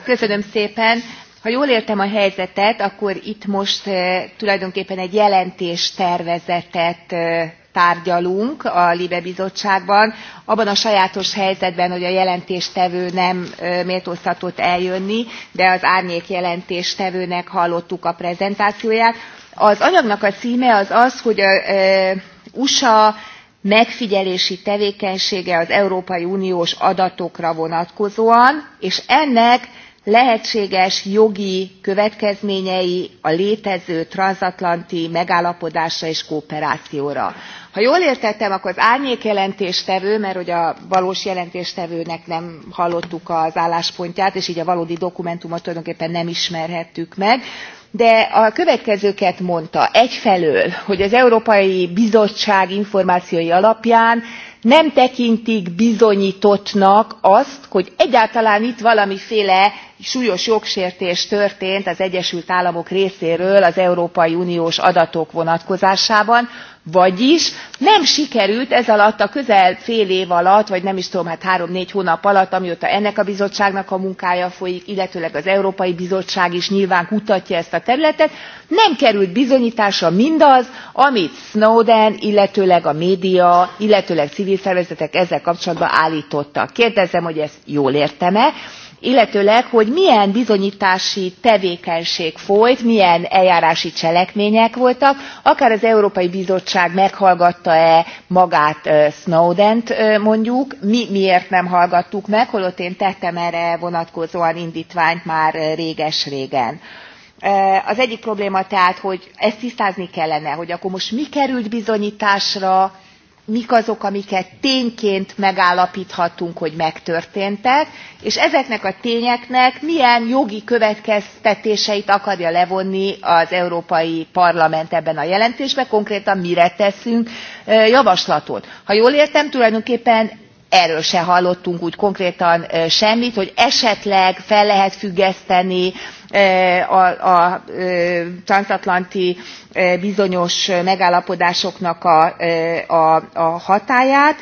Köszönöm szépen. Ha jól értem a helyzetet, akkor itt most tulajdonképpen egy jelentéstervezetet tárgyalunk a libe bizottságban abban a sajátos helyzetben hogy a jelentéstevő nem méltóztatott eljönni de az árnyék jelentéstevőnek hallottuk a prezentációját. az anyagnak a címe az az hogy az usa megfigyelési tevékenysége az európai uniós adatokra vonatkozóan és ennek lehetséges jogi következményei a létező transzatlanti megállapodásra és kooperációra. ha jól értettem akkor az jelentéstevő mert hogy a valós jelentéstevőnek nem hallottuk az álláspontját és gy a valódi dokumentumot tulajdonképpen nem ismerhettük meg de a következőket mondta egyfelől hogy az európai bizottság információi alapján nem tekintik bizonytottnak azt hogy egyáltalán itt valamiféle súlyos jogsértés történt az egyesült államok részéről az európai uniós adatok vonatkozásában vagyis nem sikerült ez alatt a közel fél év alatt vagy nem is tudom hát három négy hónap alatt amióta ennek a bizottságnak a munkája folyik illetőleg az európai bizottság is nyilván kutatja ezt a területet nem került bizonytásra mindaz amit snowden illetőleg a média illetőleg civil szervezetek ezzel kapcsolatban álltottak. kérdezem hogy ezt jól értem e? illetőleg hogy milyen bizonytási tevékenység folyt milyen eljárási cselekmények voltak akár az európai bizottság meghallgatta e magát snowdent mondjuk mi miért nem hallgattuk meg holott én tettem erre vonatkozóan indtványt már réges régen az egyik probléma tehát hogy ezt tisztázni kellene hogy akkor most mi került bizonytásra mik azok, amiket tényként megállapíthatunk, hogy megtörténtek, és ezeknek a tényeknek milyen jogi következtetéseit akarja levonni az Európai Parlament ebben a jelentésben, konkrétan mire teszünk javaslatot. Ha jól értem, tulajdonképpen erről se hallottunk úgy konkrétan semmit hogy esetleg fel lehet függeszteni E, a, a e, transatlanti e, bizonyos megállapodásoknak a, a, a hatályát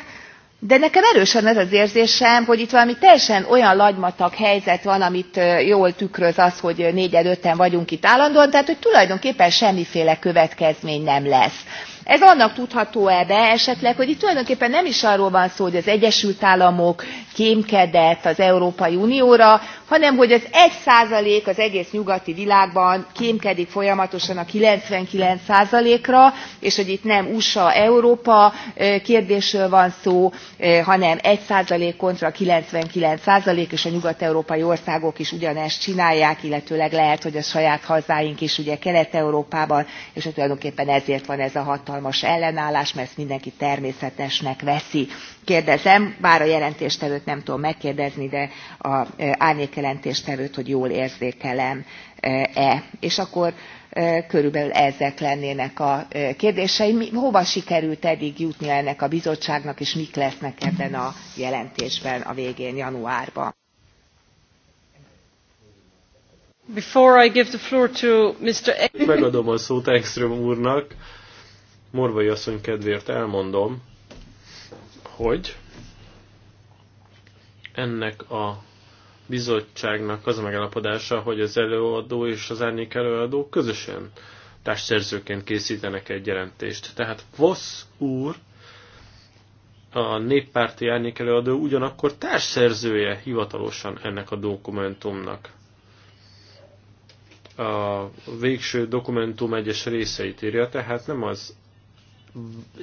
de nekem erősen az az érzésem hogy itt valami teljesen olyan lagymatag helyzet van amit jól tükröz az hogy négyen öten vagyunk itt állandóan tehát hogy tulajdonképpen semmiféle következmény nem lesz ez annak tudható e be esetleg hogy itt tulajdonképpen nem is arról van szó hogy az egyesült államok kémkedett az európai unióra hanem hogy az egy az egész nyugati világban kémkedik folyamatosan a ninety nine ra és hogy itt nem usa európa kérdésről van szó hanem százalék kontra ninety nine és a nyugat európai országok is ugyanezt csinálják illetőleg lehet hogy a saját hazáink is ugye kelet európában és tulajdonképpen ezért van ez a hatalmas ellenállás mert ezt mindenki természetesnek veszi. kérdezem bár a jelentéstevőt nem tudom megkérdezni de az e, árnyékjelentéstevőt hogy jól érzékelem e, e. és akkor e, körülbelül ezek lennének a kérdéseim. hova sikerült eddig jutnia ennek a bizottságnak és mik lesznek ebben a jelentésben a végén januárban? Before I give the floor to Mr. Megadom a szót Ekström úrnak. Morvai asszony kedvéért elmondom, hogy ennek a bizottságnak az a megállapodása, hogy az előadó és az árnyék előadó közösen társszerzőként készítenek egy jelentést. Tehát Vossz úr, a néppárti árnyék előadó ugyanakkor társszerzője hivatalosan ennek a dokumentumnak. A végső dokumentum egyes részeit írja, tehát nem az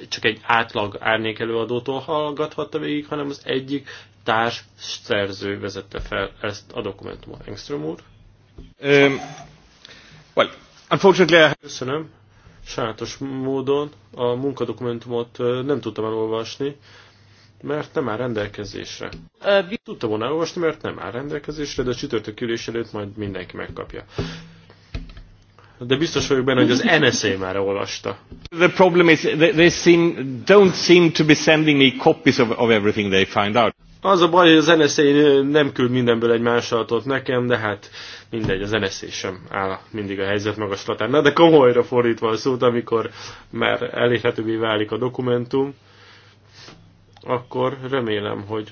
csak egy átlag árnyékelőadótól hallgathatta végig, hanem az egyik társ szerző vezette fel ezt a dokumentumot. Engström úr? Um, well, unfortunately... Köszönöm. Sajátos módon a munkadokumentumot nem tudtam elolvasni, mert nem áll rendelkezésre. Tudtam volna elolvasni, mert nem áll rendelkezésre, de a csütörtök ülés előtt majd mindenki megkapja. De biztos vagyok benne, hogy az NSA már olvasta. The problem is they seem, don't seem to be sending me copies of, of everything they find out. Az a baj, hogy az NSA nem küld mindenből egy másolatot nekem, de hát mindegy, az NSA sem áll mindig a helyzet magaslatán. Na de komolyra fordítva a szót, amikor már elérhetővé válik a dokumentum, akkor remélem, hogy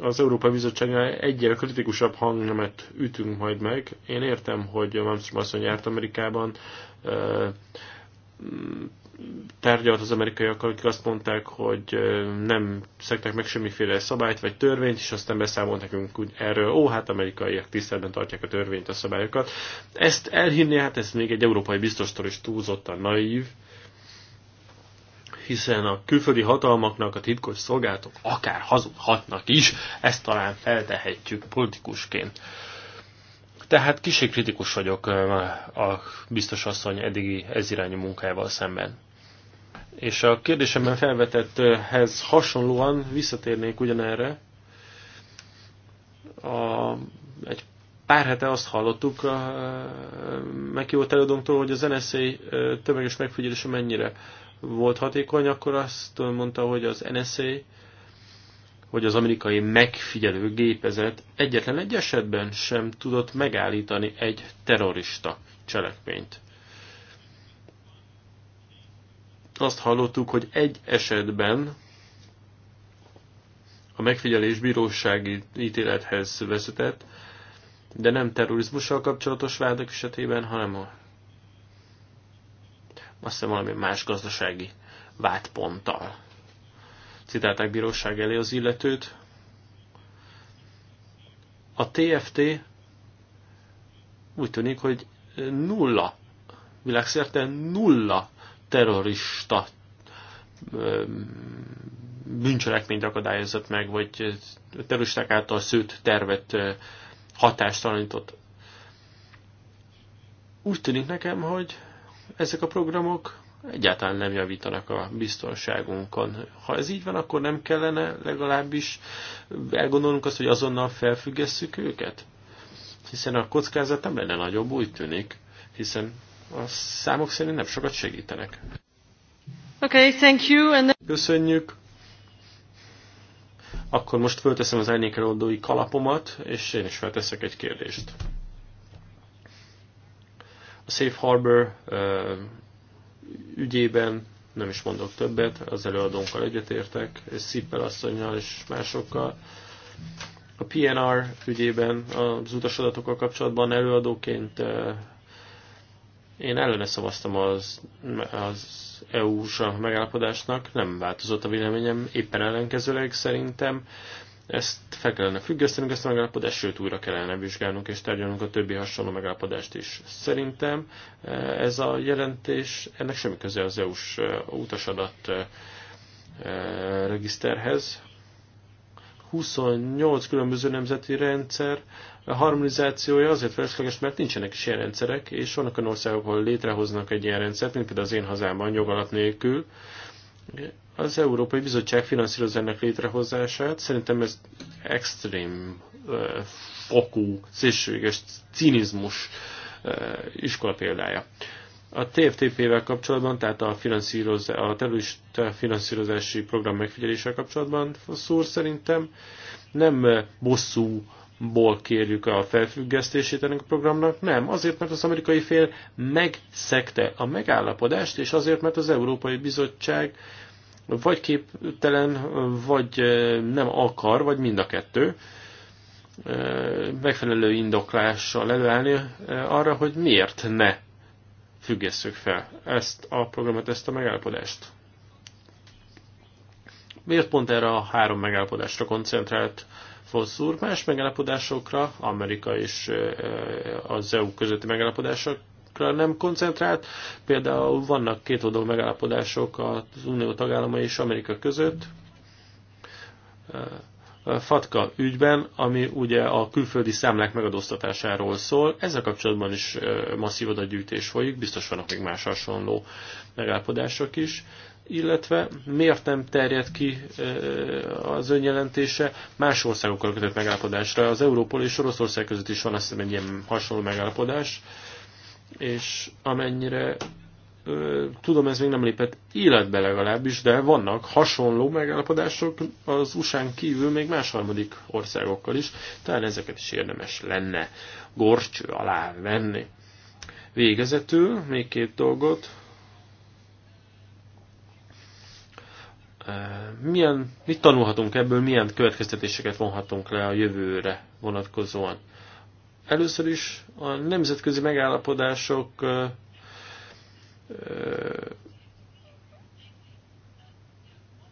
az Európai Bizottságnál egyre kritikusabb hangnemet ütünk majd meg. Én értem, hogy Malmström asszony járt Amerikában, tárgyalt az amerikaiakkal, akik azt mondták, hogy nem szektek meg semmiféle szabályt vagy törvényt, és aztán beszámolt nekünk úgy erről, ó, hát amerikaiak tiszteletben tartják a törvényt, a szabályokat. Ezt elhinni, hát ez még egy európai biztostól is túlzottan naív, hiszen a külföldi hatalmaknak a titkos szolgálatok akár hazudhatnak is, ezt talán feltehetjük politikusként. Tehát kicsit kritikus vagyok eh, a biztos asszony eddigi ezirányú munkával szemben. És a kérdésemben felvetetthez hasonlóan visszatérnék ugyanerre. A, egy pár hete azt hallottuk a, a, a a, a hogy az NSZ eh, tömeges megfigyelése mennyire volt hatékony, akkor azt mondta, hogy az NSA, hogy az amerikai megfigyelő gépezet egyetlen egy esetben sem tudott megállítani egy terrorista cselekményt. Azt hallottuk, hogy egy esetben a megfigyelés bírósági ítélethez vezetett, de nem terrorizmussal kapcsolatos vádak esetében, hanem a hiszem valami más gazdasági vádponttal. Citálták bíróság elé az illetőt. A TFT úgy tűnik, hogy nulla, világszerte nulla terrorista bűncselekményt akadályozott meg, vagy terroristák által szőtt tervet hatástalanított. Úgy tűnik nekem, hogy ezek a programok egyáltalán nem javítanak a biztonságunkon. Ha ez így van, akkor nem kellene legalábbis elgondolnunk azt, hogy azonnal felfüggesszük őket? Hiszen a kockázat nem lenne nagyobb, úgy tűnik, hiszen a számok szerint nem sokat segítenek. Okay, thank you. And then... Köszönjük. Akkor most fölteszem az árnyékelődői kalapomat, és én is felteszek egy kérdést. A Safe Harbor ügyében nem is mondok többet, az előadónkkal egyetértek, és Szippel asszonynal és másokkal. A PNR ügyében az utasadatokkal kapcsolatban előadóként én ellene szavaztam az, az EU-s megállapodásnak, nem változott a véleményem, éppen ellenkezőleg szerintem ezt fel kellene függesztenünk, ezt a megállapodást, sőt újra kellene vizsgálnunk és tárgyalnunk a többi hasonló megállapodást is. Szerintem eh, ez a jelentés, ennek semmi köze az EU-s eh, utasadat eh, regiszterhez. 28 különböző nemzeti rendszer harmonizációja azért felesleges, mert nincsenek is ilyen rendszerek, és vannak olyan országok, ahol létrehoznak egy ilyen rendszert, mint például az én hazámban jogalat nélkül, az Európai Bizottság finanszírozza ennek létrehozását. Szerintem ez extrém fokú, szélsőséges cinizmus iskola példája. A TFTP-vel kapcsolatban, tehát a, a terrorista finanszírozási program megfigyelése kapcsolatban szúr szerintem nem ból kérjük a felfüggesztését ennek a programnak, nem, azért, mert az amerikai fél megszegte a megállapodást, és azért, mert az Európai Bizottság vagy képtelen, vagy nem akar, vagy mind a kettő megfelelő indoklással előállni arra, hogy miért ne függesszük fel ezt a programot, ezt a megállapodást. Miért pont erre a három megállapodásra koncentrált Fosszúr? Más megállapodásokra, Amerika és az EU közötti megállapodások dolgokra nem koncentrált. Például vannak két oldalú megállapodások az unió tagállamai és Amerika között, FATKA ügyben, ami ugye a külföldi számlák megadóztatásáról szól. Ezzel kapcsolatban is masszív adatgyűjtés folyik, biztos vannak még más hasonló megállapodások is. Illetve miért nem terjed ki az önjelentése más országokkal kötött megállapodásra? Az Európol és Oroszország között is van azt hiszem egy ilyen hasonló megállapodás és amennyire ö, tudom, ez még nem lépett életbe legalábbis, de vannak hasonló megállapodások az usa kívül még más harmadik országokkal is, talán ezeket is érdemes lenne gorcső alá venni. Végezetül még két dolgot. Milyen, mit tanulhatunk ebből, milyen következtetéseket vonhatunk le a jövőre vonatkozóan? Először is a nemzetközi megállapodások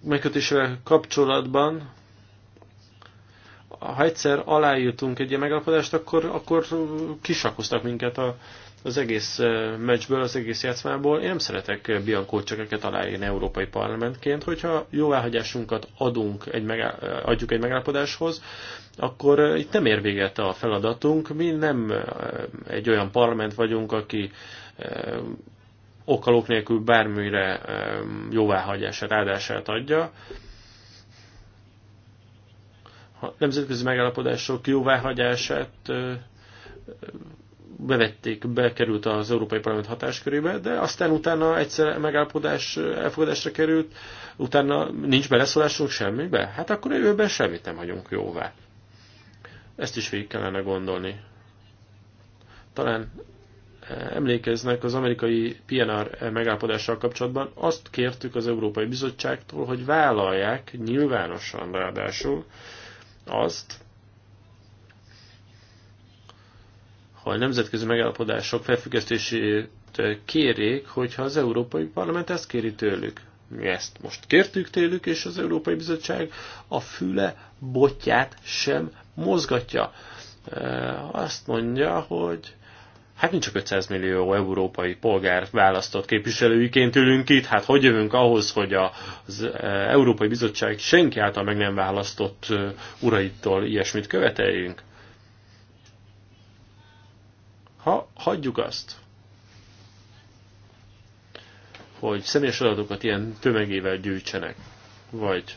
megkötésével kapcsolatban, ha egyszer aláírtunk egy ilyen megállapodást, akkor, akkor kisakoztak minket a, az egész meccsből, az egész játszmából. Én nem szeretek Bianco csekeket aláírni Európai Parlamentként, hogyha jóváhagyásunkat adunk egy megáll, adjuk egy megállapodáshoz, akkor itt nem ér véget a feladatunk. Mi nem egy olyan parlament vagyunk, aki okalok nélkül bármire jóváhagyását, áldását adja. A nemzetközi megállapodások jóváhagyását bevették, bekerült az Európai Parlament hatáskörébe, de aztán utána egyszer megállapodás elfogadásra került, utána nincs beleszólásunk semmibe? Hát akkor jövőben semmit nem hagyunk jóvá. Ezt is végig kellene gondolni. Talán eh, emlékeznek az amerikai PNR megállapodással kapcsolatban, azt kértük az Európai Bizottságtól, hogy vállalják nyilvánosan ráadásul azt, a nemzetközi megállapodások felfüggesztését eh, kérjék, hogyha az Európai Parlament ezt kéri tőlük. Mi ezt most kértük tőlük, és az Európai Bizottság a füle botját sem mozgatja. Eh, azt mondja, hogy hát nincs csak 500 millió európai polgár választott képviselőiként ülünk itt, hát hogy jövünk ahhoz, hogy az eh, Európai Bizottság senki által meg nem választott uraitól ilyesmit követeljünk? Ha hagyjuk azt, hogy személyes adatokat ilyen tömegével gyűjtsenek, vagy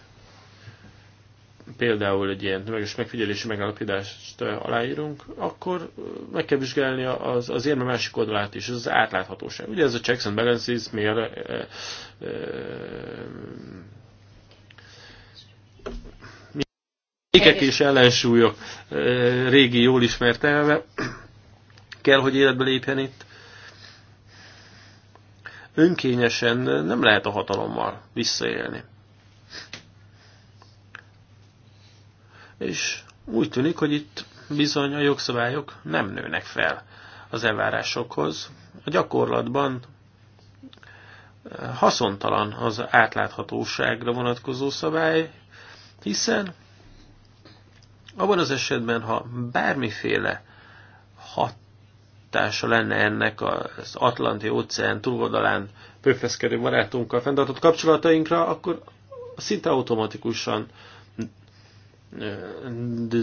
például egy ilyen tömeges megfigyelési megállapítást aláírunk, akkor meg kell vizsgálni az, az érme másik oldalát is, az átláthatóság. Ugye ez a checks and balances miért e, e, Ikek és ellensúlyok e, régi jól ismert elve, kell, hogy életbe lépjen itt. Önkényesen nem lehet a hatalommal visszaélni. És úgy tűnik, hogy itt bizony a jogszabályok nem nőnek fel az elvárásokhoz. A gyakorlatban eh, haszontalan az átláthatóságra vonatkozó szabály, hiszen abban az esetben, ha bármiféle hat hatása lenne ennek az Atlanti óceán túloldalán pöfeszkedő barátunkkal fenntartott kapcsolatainkra, akkor szinte automatikusan de,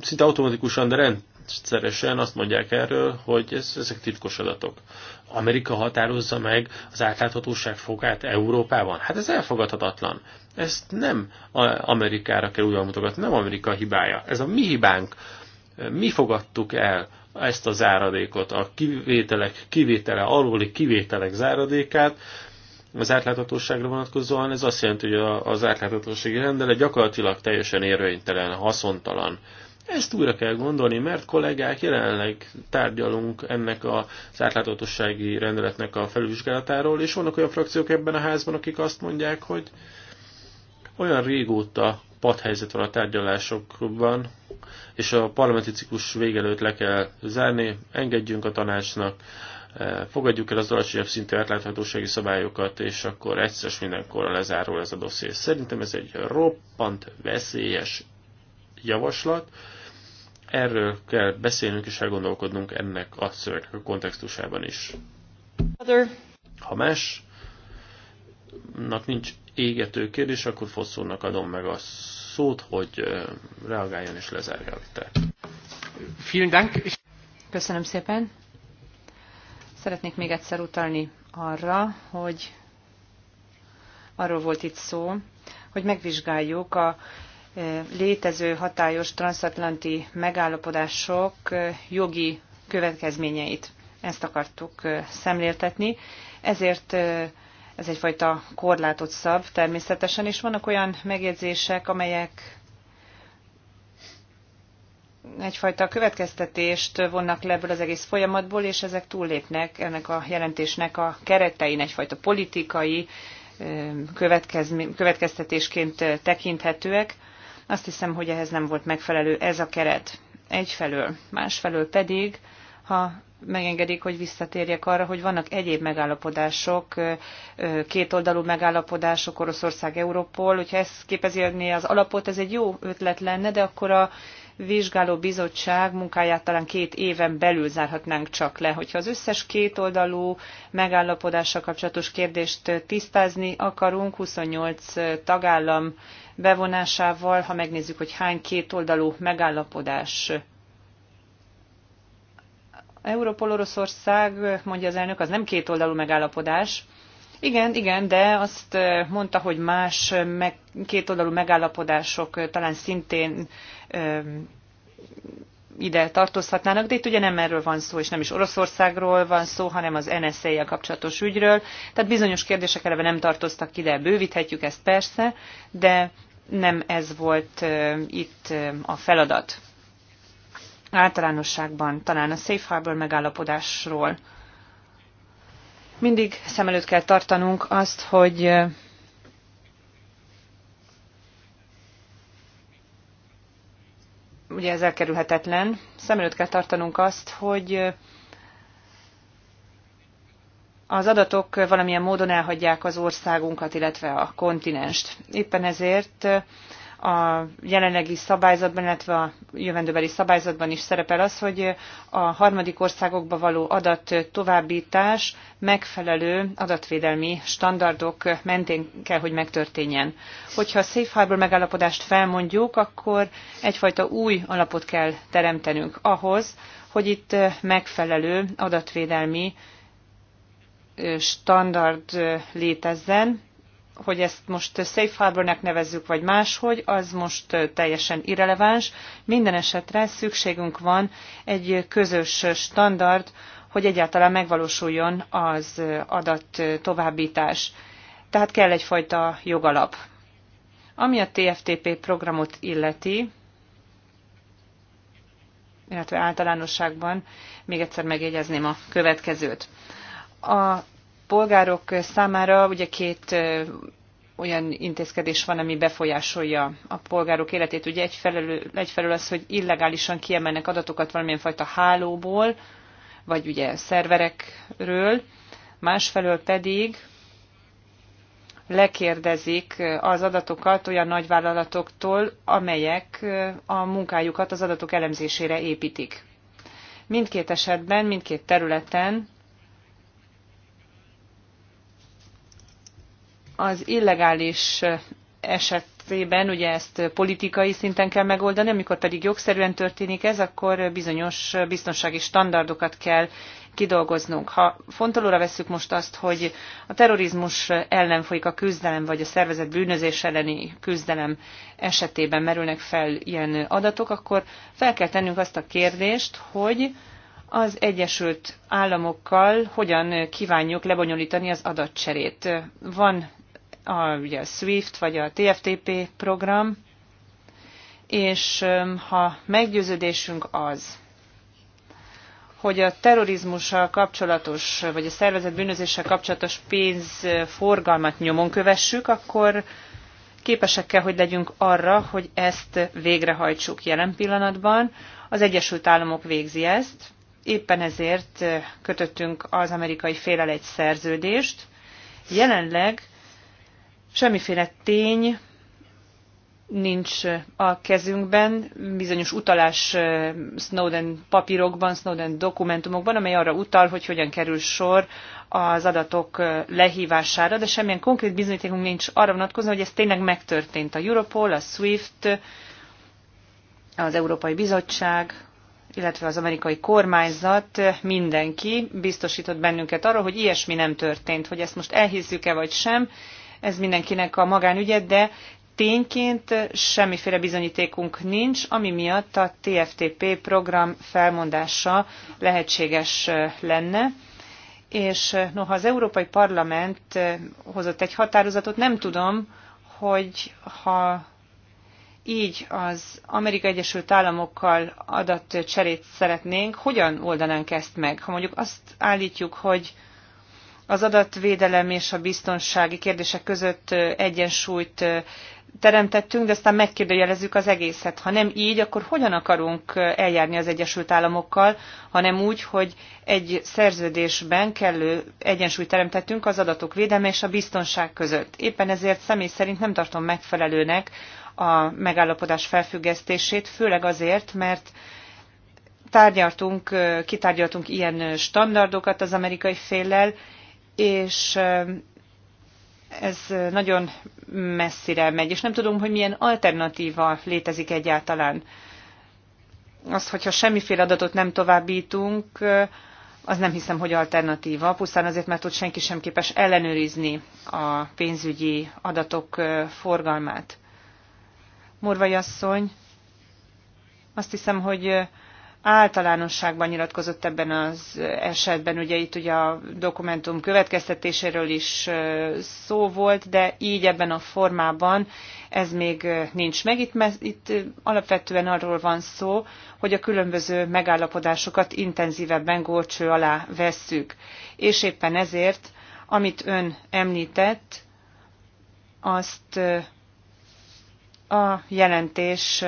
szinte automatikusan, de rendszeresen azt mondják erről, hogy ez, ezek titkos adatok. Amerika határozza meg az átláthatóság fogát Európában. Hát ez elfogadhatatlan. Ezt nem Amerikára kell újra mutogatni, nem Amerika hibája. Ez a mi hibánk. Mi fogadtuk el ezt a záradékot, a kivételek kivétele, alóli kivételek záradékát, az átláthatóságra vonatkozóan ez azt jelenti, hogy az átláthatósági rendelet gyakorlatilag teljesen érvénytelen, haszontalan. Ezt újra kell gondolni, mert kollégák, jelenleg tárgyalunk ennek az átláthatósági rendeletnek a felvizsgálatáról, és vannak olyan frakciók ebben a házban, akik azt mondják, hogy olyan régóta padhelyzet van a tárgyalásokban, és a parlamenti ciklus végelőtt le kell zárni, engedjünk a tanácsnak, eh, fogadjuk el az alacsonyabb szintű átláthatósági szabályokat, és akkor egyszer mindenkorra lezárul ez a dosszé. Szerintem ez egy roppant veszélyes javaslat, erről kell beszélnünk és elgondolkodnunk ennek a szövegnek a kontextusában is. Ha másnak nincs égető kérdés, akkor Fosszónak adom meg a szót, hogy reagáljon és lezárja a vitát. Vielen Dank. Köszönöm szépen. Szeretnék még egyszer utalni arra, hogy arról volt itt szó, hogy megvizsgáljuk a létező hatályos transatlanti megállapodások jogi következményeit. Ezt akartuk szemléltetni, ezért ez egyfajta korlátot szab természetesen, és vannak olyan megjegyzések, amelyek egyfajta következtetést vonnak le ebből az egész folyamatból, és ezek túllépnek ennek a jelentésnek a keretein, egyfajta politikai következtetésként tekinthetőek. Azt hiszem, hogy ehhez nem volt megfelelő ez a keret egyfelől, másfelől pedig ha megengedik, hogy visszatérjek arra, hogy vannak egyéb megállapodások, kétoldalú megállapodások, Oroszország, Európol, hogyha ez képezi az alapot, ez egy jó ötlet lenne, de akkor a vizsgáló bizottság munkáját talán két éven belül zárhatnánk csak le. Hogyha az összes kétoldalú megállapodással kapcsolatos kérdést tisztázni akarunk, 28 tagállam bevonásával, ha megnézzük, hogy hány kétoldalú megállapodás Európol Oroszország, mondja az elnök, az nem kétoldalú megállapodás. Igen, igen, de azt mondta, hogy más meg, kétoldalú megállapodások talán szintén ö, ide tartozhatnának, de itt ugye nem erről van szó, és nem is Oroszországról van szó, hanem az NSZ-jel kapcsolatos ügyről. Tehát bizonyos kérdések eleve nem tartoztak ide, bővíthetjük ezt persze, de nem ez volt itt a feladat általánosságban, talán a Safe Harbor megállapodásról. Mindig szem előtt kell tartanunk azt, hogy ugye ez elkerülhetetlen, szem előtt kell tartanunk azt, hogy az adatok valamilyen módon elhagyják az országunkat, illetve a kontinenst. Éppen ezért a jelenlegi szabályzatban, illetve a jövendőbeli szabályzatban is szerepel az, hogy a harmadik országokba való adat továbbítás megfelelő adatvédelmi standardok mentén kell, hogy megtörténjen. Hogyha a Safe Harbor megállapodást felmondjuk, akkor egyfajta új alapot kell teremtenünk ahhoz, hogy itt megfelelő adatvédelmi standard létezzen, hogy ezt most safe Harbornek nevezzük, vagy máshogy, az most teljesen irreleváns. Minden esetre szükségünk van egy közös standard, hogy egyáltalán megvalósuljon az adat továbbítás. Tehát kell egyfajta jogalap. Ami a TFTP programot illeti, illetve általánosságban, még egyszer megjegyezném a következőt. A polgárok számára ugye két olyan intézkedés van, ami befolyásolja a polgárok életét. Ugye egyfelől, egyfelől az, hogy illegálisan kiemelnek adatokat valamilyen fajta hálóból, vagy ugye szerverekről, másfelől pedig lekérdezik az adatokat olyan nagyvállalatoktól, amelyek a munkájukat az adatok elemzésére építik. Mindkét esetben, mindkét területen Az illegális esetében ugye ezt politikai szinten kell megoldani, amikor pedig jogszerűen történik ez, akkor bizonyos biztonsági standardokat kell kidolgoznunk. Ha fontolóra vesszük most azt, hogy a terrorizmus ellen folyik a küzdelem, vagy a szervezet bűnözés elleni küzdelem esetében merülnek fel ilyen adatok, akkor fel kell tennünk azt a kérdést, hogy az Egyesült Államokkal hogyan kívánjuk lebonyolítani az adatcserét. Van a, ugye a SWIFT vagy a TFTP program, és ha meggyőződésünk az, hogy a terrorizmussal kapcsolatos, vagy a szervezet bűnözéssel kapcsolatos pénzforgalmat nyomon kövessük, akkor képesek kell, hogy legyünk arra, hogy ezt végrehajtsuk jelen pillanatban. Az Egyesült Államok végzi ezt, éppen ezért kötöttünk az amerikai félel egy szerződést. Jelenleg Semmiféle tény nincs a kezünkben, bizonyos utalás Snowden papírokban, Snowden dokumentumokban, amely arra utal, hogy hogyan kerül sor az adatok lehívására, de semmilyen konkrét bizonyítékunk nincs arra vonatkozóan, hogy ez tényleg megtörtént. A Europol, a SWIFT, az Európai Bizottság, illetve az amerikai kormányzat, mindenki biztosított bennünket arról, hogy ilyesmi nem történt, hogy ezt most elhízzük e vagy sem, ez mindenkinek a magánügye, de tényként semmiféle bizonyítékunk nincs, ami miatt a TFTP program felmondása lehetséges lenne. És noha az Európai Parlament hozott egy határozatot, nem tudom, hogy ha így az Amerikai Egyesült Államokkal adatcserét szeretnénk, hogyan oldanánk ezt meg? Ha mondjuk azt állítjuk, hogy az adatvédelem és a biztonsági kérdések között egyensúlyt teremtettünk, de aztán megkérdőjelezzük az egészet. Ha nem így, akkor hogyan akarunk eljárni az Egyesült Államokkal, hanem úgy, hogy egy szerződésben kellő egyensúlyt teremtettünk az adatok védelme és a biztonság között. Éppen ezért személy szerint nem tartom megfelelőnek a megállapodás felfüggesztését, főleg azért, mert tárgyaltunk, kitárgyaltunk ilyen standardokat az amerikai féllel, és ez nagyon messzire megy, és nem tudom, hogy milyen alternatíva létezik egyáltalán. Az, hogyha semmiféle adatot nem továbbítunk, az nem hiszem, hogy alternatíva, pusztán azért, mert ott senki sem képes ellenőrizni a pénzügyi adatok forgalmát. Morvai asszony, azt hiszem, hogy általánosságban nyilatkozott ebben az esetben. Ugye itt ugye a dokumentum következtetéséről is szó volt, de így ebben a formában ez még nincs meg. Itt, itt alapvetően arról van szó, hogy a különböző megállapodásokat intenzívebben górcső alá vesszük. És éppen ezért, amit ön említett, azt a jelentés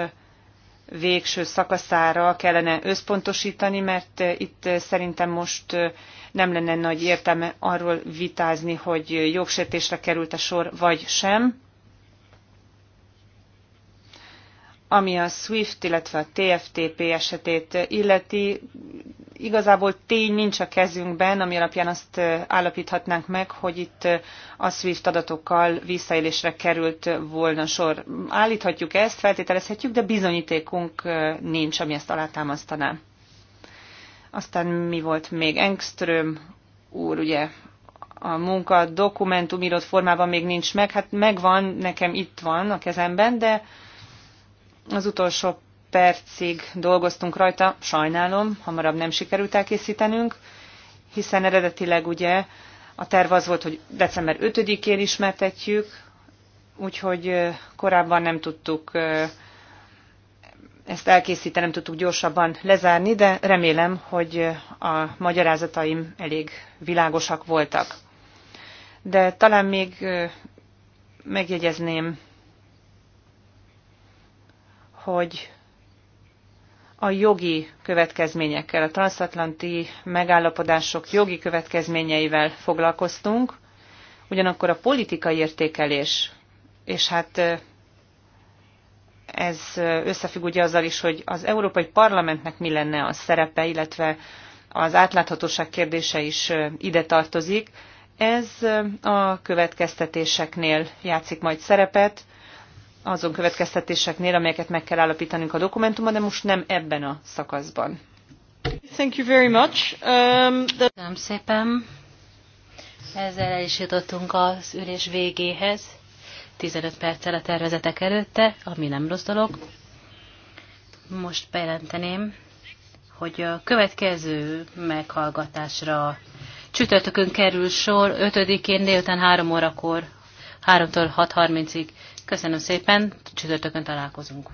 végső szakaszára kellene összpontosítani, mert eh, itt eh, szerintem most eh, nem lenne nagy értelme arról vitázni, hogy jogsértésre került a sor, vagy sem. Ami a SWIFT, illetve a TFTP esetét illeti, igazából tény nincs a kezünkben, ami alapján azt állapíthatnánk meg, hogy itt a SWIFT adatokkal visszaélésre került volna sor. Állíthatjuk ezt, feltételezhetjük, de bizonyítékunk nincs, ami ezt alátámasztaná. Aztán mi volt még? Engström úr, ugye a munka dokumentum írott formában még nincs meg, hát megvan, nekem itt van a kezemben, de az utolsó percig dolgoztunk rajta, sajnálom, hamarabb nem sikerült elkészítenünk, hiszen eredetileg ugye a terv az volt, hogy december 5-én ismertetjük, úgyhogy korábban nem tudtuk ezt elkészíteni, nem tudtuk gyorsabban lezárni, de remélem, hogy a magyarázataim elég világosak voltak. De talán még megjegyezném, hogy a jogi következményekkel, a transatlanti megállapodások jogi következményeivel foglalkoztunk, ugyanakkor a politikai értékelés, és hát ez összefügg ugye azzal is, hogy az Európai Parlamentnek mi lenne a szerepe, illetve az átláthatóság kérdése is ide tartozik. Ez a következtetéseknél játszik majd szerepet, azon következtetéseknél, amelyeket meg kell állapítanunk a dokumentumban, de most nem ebben a szakaszban. Thank you very much. Um, the... Nem szépen. Ezzel el is jutottunk az ülés végéhez. 15 perccel a tervezetek előtte, ami nem rossz dolog. Most bejelenteném, hogy a következő meghallgatásra csütörtökön kerül sor, 5-én délután 3 órakor, 3-tól 6.30-ig Köszönöm szépen, csütörtökön találkozunk.